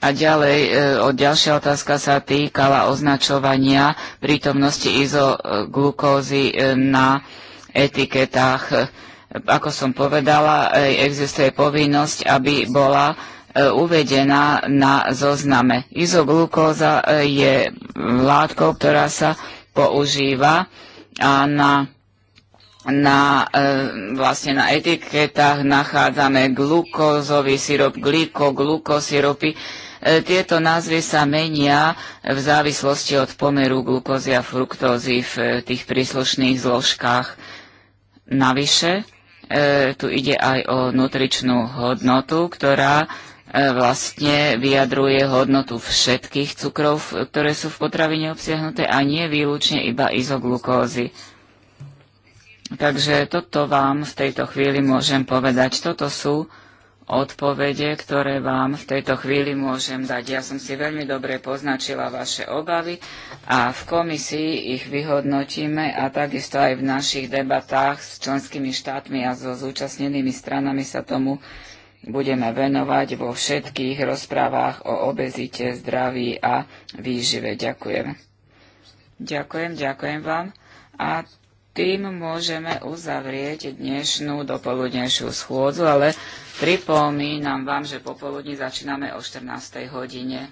D: A ďalej, e, od ďalšia otázka sa týkala označovania prítomnosti izoglukózy e, na e, etiketách. Ako som povedala, e, existuje povinnosť, aby bola e, uvedená na zozname. Izoglukóza e, je látkou, ktorá sa používa a na, na, vlastne na etiketách nachádzame glukózový syrop, glikoglukosyropy. Tieto názvy sa menia v závislosti od pomeru glukózy a fruktózy v tých príslušných zložkách. Navyše, e, tu ide aj o nutričnú hodnotu, ktorá e, vlastne vyjadruje hodnotu všetkých cukrov, ktoré sú v potravine obsiahnuté a nie výlučne iba izoglukózy. Takže toto vám v tejto chvíli môžem povedať. Toto sú odpovede, ktoré vám v tejto chvíli môžem dať. Ja som si veľmi dobre poznačila vaše obavy a v komisii ich vyhodnotíme a takisto aj v našich debatách s členskými štátmi a so zúčastnenými stranami sa tomu budeme venovať vo všetkých rozprávach o obezite, zdraví a výžive. Ďakujem. Ďakujem, ďakujem vám. A tým môžeme uzavrieť dnešnú dopoludnejšiu schôdzu, ale pripomínam vám, že popoludní začíname o 14. hodine.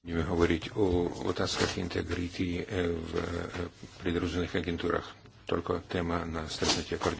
B: Budeme hovoriť
C: o otázkach integrity eh, v, eh, pri rôznych agentúrach. Toľko téma na stretnutie